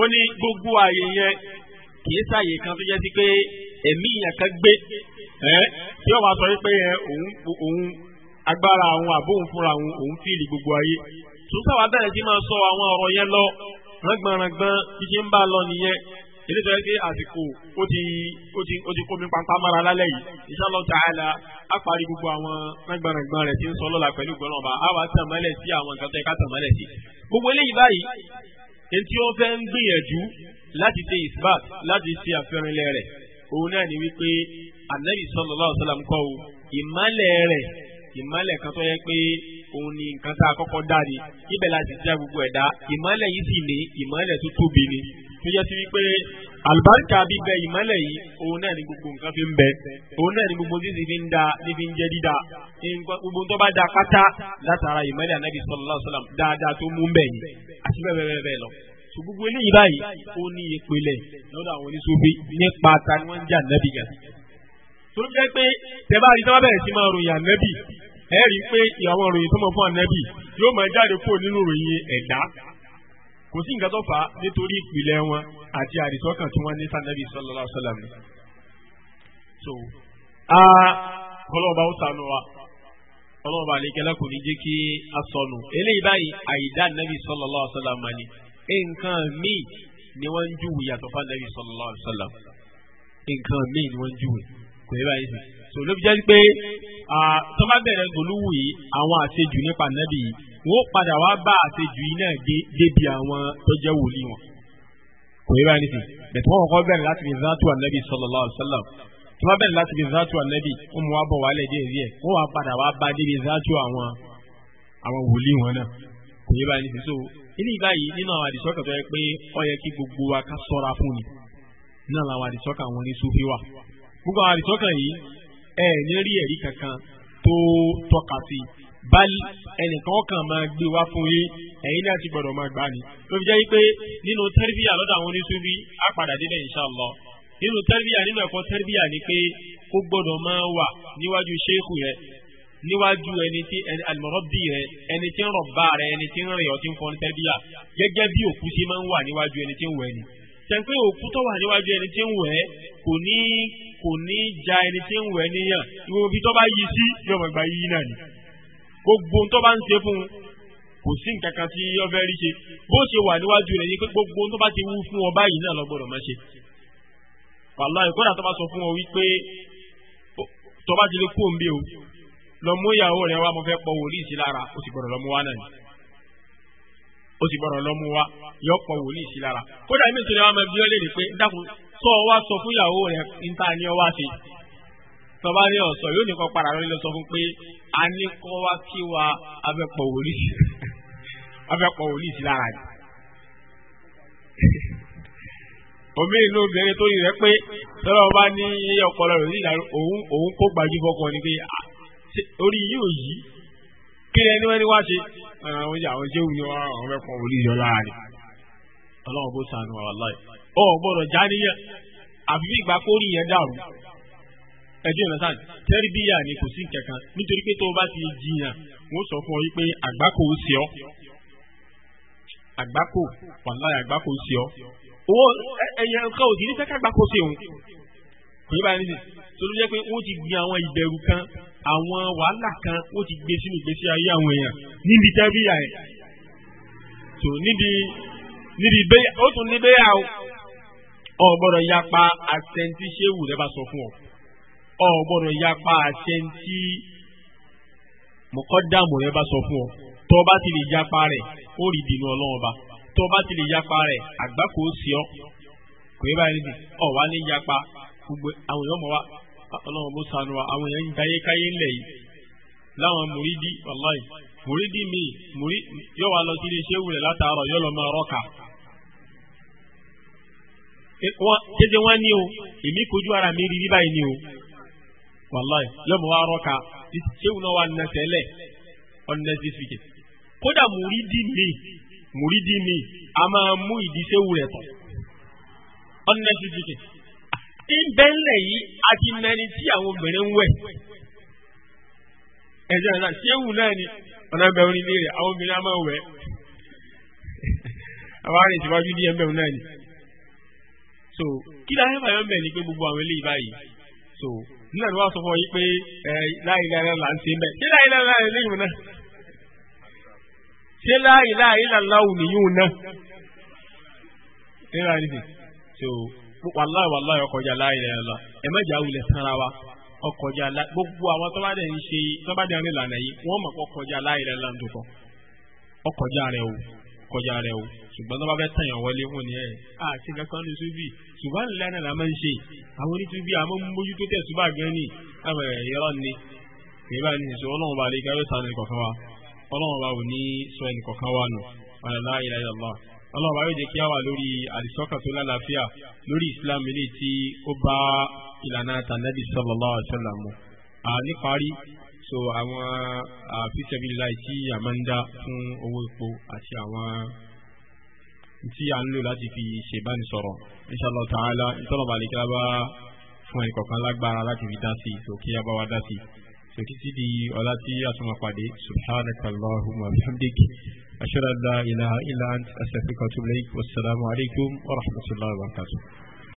ó ní gbogbo àyè yẹn kìí sáàyè kan tó jẹ́ sí pé ẹ̀mí ìyàn kan gbé tí wọ́n máa sọ wípé òun agbára àwọn àbóhùn fúnra àwọn òun fíìlì gbogbo ayé tó sáwà bẹ̀rẹ̀ sí máa sọ àwọn ọ̀rọ̀ yẹn lọ rangbanrangban títí ń bá lọ nìyẹn ilé tó yẹ kí àsìkò ó ti ó ti ó ti kó mi pampa mọ́ra lálẹ́ yìí inshallah ta'ala á parí gbogbo àwọn rangbanrangban rẹ̀ tí ń sọ lọ́la pẹ̀lú gbọ́nàba á wá tàn sí àwọn nǹkan tó yẹ ká tàn sí. gbogbo eléyìí báyìí èyí tí ó fẹ́ ń gbìyànjú láti ṣe isbat láti ṣe àfẹrinlẹ̀ rẹ̀ òun náà ni wípé anabi sallallahu alaihi wasallam kọ́ o ìmọ̀lẹ̀ rẹ̀ ìmọ́lẹ̀ kan tó yẹ pé òun ni nǹkan tá a kọ́kọ́ dá ni ibẹ̀ la sì já gbogbo ẹ̀dá ìmọ́lẹ̀ yìí sì ní ìmọ́lẹ̀ tó tóbi ni tó jẹ́ sí wípé àlùbáríkà bíbẹ ìmọ́lẹ̀ yìí òun náà ni gbogbo nǹkan fi ń bẹ òun náà ni gbogbo títí fi ń da ní fi ń jẹ dídá gbogbo tó bá da pátá látara ìmọ́lẹ̀ ànábì sallallahu alaihi wasallam dáadáa tó mú bẹ̀ yìí àti bẹ́ẹ̀ bẹ́ẹ̀ bẹ́ẹ̀ lọ gbogbo eléyìí báyìí ó ní ìpìlẹ̀ lọ́dọ̀ àwọn oníṣòfin nípa ta ni wọ́n ń jà nẹ́bì gà. tó pé tẹ bá rí tí sí máa ròyìn ànẹ́bì ẹ rí i pé àwọn ìròyìn tó mọ fún ànábì yóò máa jáde kúrò nínú ìròyìn ẹ̀dá kò sí nǹkan tó fà á nítorí ìpìlẹ̀ wọn àti àdìsọ́kàn tí wọ́n ní sànábì sallallahu alaihi wasallam. so a kọlọ́ọ̀bá ó sànù wa kọlọ́ọ̀bá àlekẹ́lá kò ní jẹ́ kí a sọnù eléyìí báyìí àyídá ànábì sallallahu alaihi wasallam mani nǹkan míì ni wọ́n ń júwe yàtọ̀ fún ànábì sallallahu alaihi wasallam nǹkan míì ni wọ́n ń júwe kò so ló fi jẹ́ pé tó bá bẹ̀rẹ̀ gòlúwù yìí àwọn àṣejù nípa nábì yìí wọ́n padà wá bá àṣejù yìí náà dé débi àwọn tó jẹ́ wòlíì wọn kò yẹ báyìí nìsín bẹ̀tẹ̀ wọ́n kọ́kọ́ bẹ̀rẹ̀ láti fi zátù ànábì sallallahu alaihi wasallam tó bá bẹ̀rẹ̀ láti fi zátù ànábì wọ́n mú wa bọ̀ wálẹ̀ dé rí ẹ̀ wọ́n wá padà wá bá débi zátù àwọn àwọn wòlíì wọn náà kò yẹ báyìí nìsín so ilé ìbáyìí nínú àwọn àdìsọ́kà tó yẹ pé ó yẹ kí gbogbo wa ká sọ́ra fún ni náà làwọn àdìsọ́kà àwọn oníṣúfì wà gbogbo àwọn àdìsọ́kà yìí ẹ ní rí ẹ̀rí kankan tó tọ́ka sí bali ẹnìkan kan máa gbé wá fún yín ẹ̀yin náà ti gbọ́dọ̀ máa gbà ní. ló fi jẹ́ pé nínú tẹ́rìbíyà lọ́dọ̀ àwọn oníṣubí á padà débẹ̀ inshallah nínú tẹ́rìbíyà nínú ẹ̀kọ́ tẹ́rìbíyà ni pé ó gbọ́dọ̀ máa wà níwájú ṣéèkù rẹ níwájú ẹni tí alimọ̀rọ̀bì rẹ ẹni tí ń rọ̀bà rẹ ẹni tí ń rìn ọtí ń fọ́n tẹ́rìbíyà gẹ́gẹ́ bí òkú ṣe máa ń wà níwájú ẹni tí ń wẹ̀ ni. tẹ̀pẹ́ òkú tó wà níwájú ẹni tí ń wẹ̀ kò ní kò ní ja ẹni tí ń wẹ̀ níyàn gbogbo ibi tó bá yí sí yóò mọ̀ gba yí náà ni gbogbo tó bá ń ṣe fún un kò sí nǹkan kan tí ọbẹ̀ rí ṣe bó ṣe wà níwájú rẹ̀ yìí pé gbogbo tó bá ti wú fún ọ báyìí náà lọ máa ṣe wàlá ìkọ́dà tó bá sọ fún ọ wípé tó bá ti lè kó òǹbẹ o lọ mú ìyàwó rẹ wá mo fẹ́ pọ wòlíì sí lára ó sì gbọ́dọ̀ lọ mú wá náà ni ó sì gbọ́dọ̀ lọ mú wá yọ pọ wòlíì sí lára kódà èmi ìtura wa máa bí ọ lè rí pé dákun tó o wá sọ fún ìyàwó rẹ níta ni ọ wá sí tọba ní ọsọ yóò ní kọ para lórí lọ sọ fún pé a ní kọ wá kí wa abẹpọ wòlíì abẹpọ wòlíì sí lára yìí omi inú obìnrin tó yìí rẹ pé tọ́lá ọba ní iye ọpọlọ rẹ nígbà òun òun kó gbajú fọkọ ni pé orí yìí ò yí kí ni ẹni wẹ́ni wá ṣe àwọn ìjà àwọn ìjẹun ni wọ́n àwọn ọmọ wòlíì yọ lára rẹ ọlọ́run bó sànù wà láì ọ gbọ́dọ̀ já níyàn àbí bí ìgbà kórìí yẹn dàrú ẹdí ọ̀nàsán tẹ́rìbíyà ni kò sí kankan nítorí pé tó o bá ti jiyàn wọ́n sọ fún ọ yí pé àgbákò ó ṣe ọ́ àgbákò wàláyà àgbákò ó ṣe ọ́ owó ẹ̀yẹ nǹkan òdì ní fẹ́ kágbákò ṣe òun kò ní báyìí nísìn tó ló jẹ́ pé wọ́n ti gbin àwọn ìbẹ̀rù kan àwọn wàhálà kan wọ́n ti gbé sínú ìgbésí ayé àwọn èèyàn níbi tẹ́rìbíyà yẹn tó níbi níbi bẹ́yà ó tún ní bẹ́yà ọ gbọ́dọ̀ yapa àṣẹntí ṣéwù rẹ bá sọ fún ọ ọ pa yapa àṣẹntí mọkọdàmù rẹ bá sọ fún ọ tọ bá ti lè yapa rẹ ó rí dènà Ọlọ́run tọ bá ti lè yapa rẹ àgbà kò sí ọ kò ọ wà ní yapa gbogbo àwọn èèyàn mọ ah, wa Ọlọ́run sànù àwọn èèyàn ń káyé láwọn mùrídìí mùrídìí mi mùrí yóò wá lọ sí kéde wọn ní o èmi kojú ara mi rí báyìí ní o wàláyé yọmọ wa rọ ká sẹ́wọ̀n náà wà nẹ́sẹ̀lẹ̀ ọ̀nẹ́sẹ̀ fìdí kódà mùrídìí mi mùrídìí mi a máa mú ìdíṣẹ́wù rẹ̀ tán ọ̀nẹ́sẹ̀ fìdí ìbẹ́lẹ̀ yìí àti nẹni tí àwọn obìnrin ń wẹ̀ ẹ̀jẹ̀ náà sẹ́wù náà ni ọ̀nà ìbẹ̀rù nílé rẹ̀ àwọn obìnrin á máa wẹ̀ so kí ni ayé báyọ̀ mẹ́ ni pé gbogbo àwọn eléyìí báyìí so nígbà tí sọ fún ọ yìí pé là ń ṣe ṣé náà ṣé náà so ọkọjà wa ọkọjà gbogbo àwọn tó bá dẹ̀ ń ṣe tó bá dẹ̀ kọjá rẹ o ṣùgbọ́n tó bá fẹ́ tàn yàn wọlé wọn ni ẹ̀ à ti kankan ní sufi ṣùgbọ́n ìlànà la máa ń ṣe àwọn oníṣubí àmọ́ mójútó tẹ̀ ṣùgbọ́n àgbẹ̀ ni àwọn ẹ̀yọ́rọ́ ni kì í bá ní ìṣòro ọlọ́run bá lè gbé sàn ní kọ̀ọ̀kan wa ọlọ́run bá wò ní sọ ẹnì kọ̀ọ̀kan wa nù àlàlá ìlàyà lọ ọlọ́run bá yóò jẹ́ kí a wà lórí àdìsọ́kà tó lálàáfíà lórí Islam ilé tí ó bá ìlànà tànàbí sallallahu alaihi wasallam àníparí so àwọn àfíṣẹ́bílá tí a máa ń dá fún owó epo àti àwọn tí a ń lò láti fi ṣèbánisọ̀rọ̀ inṣàlọ́ tààlà ìtọ́lọ̀ balẹ̀kẹ́lá bá fún ẹnì kọ̀ọ̀kan lágbára láti fi dá sí ìsòkè abáwá dá sí ìsòkè tí di ọ̀la tí a tún máa pàdé subhanakallahumma wa bihamdik ashhadu an la ilaha illa ant astaghfiruka wa atubu ilayk wassalamu alaykum wa rahmatullahi wa barakatuh.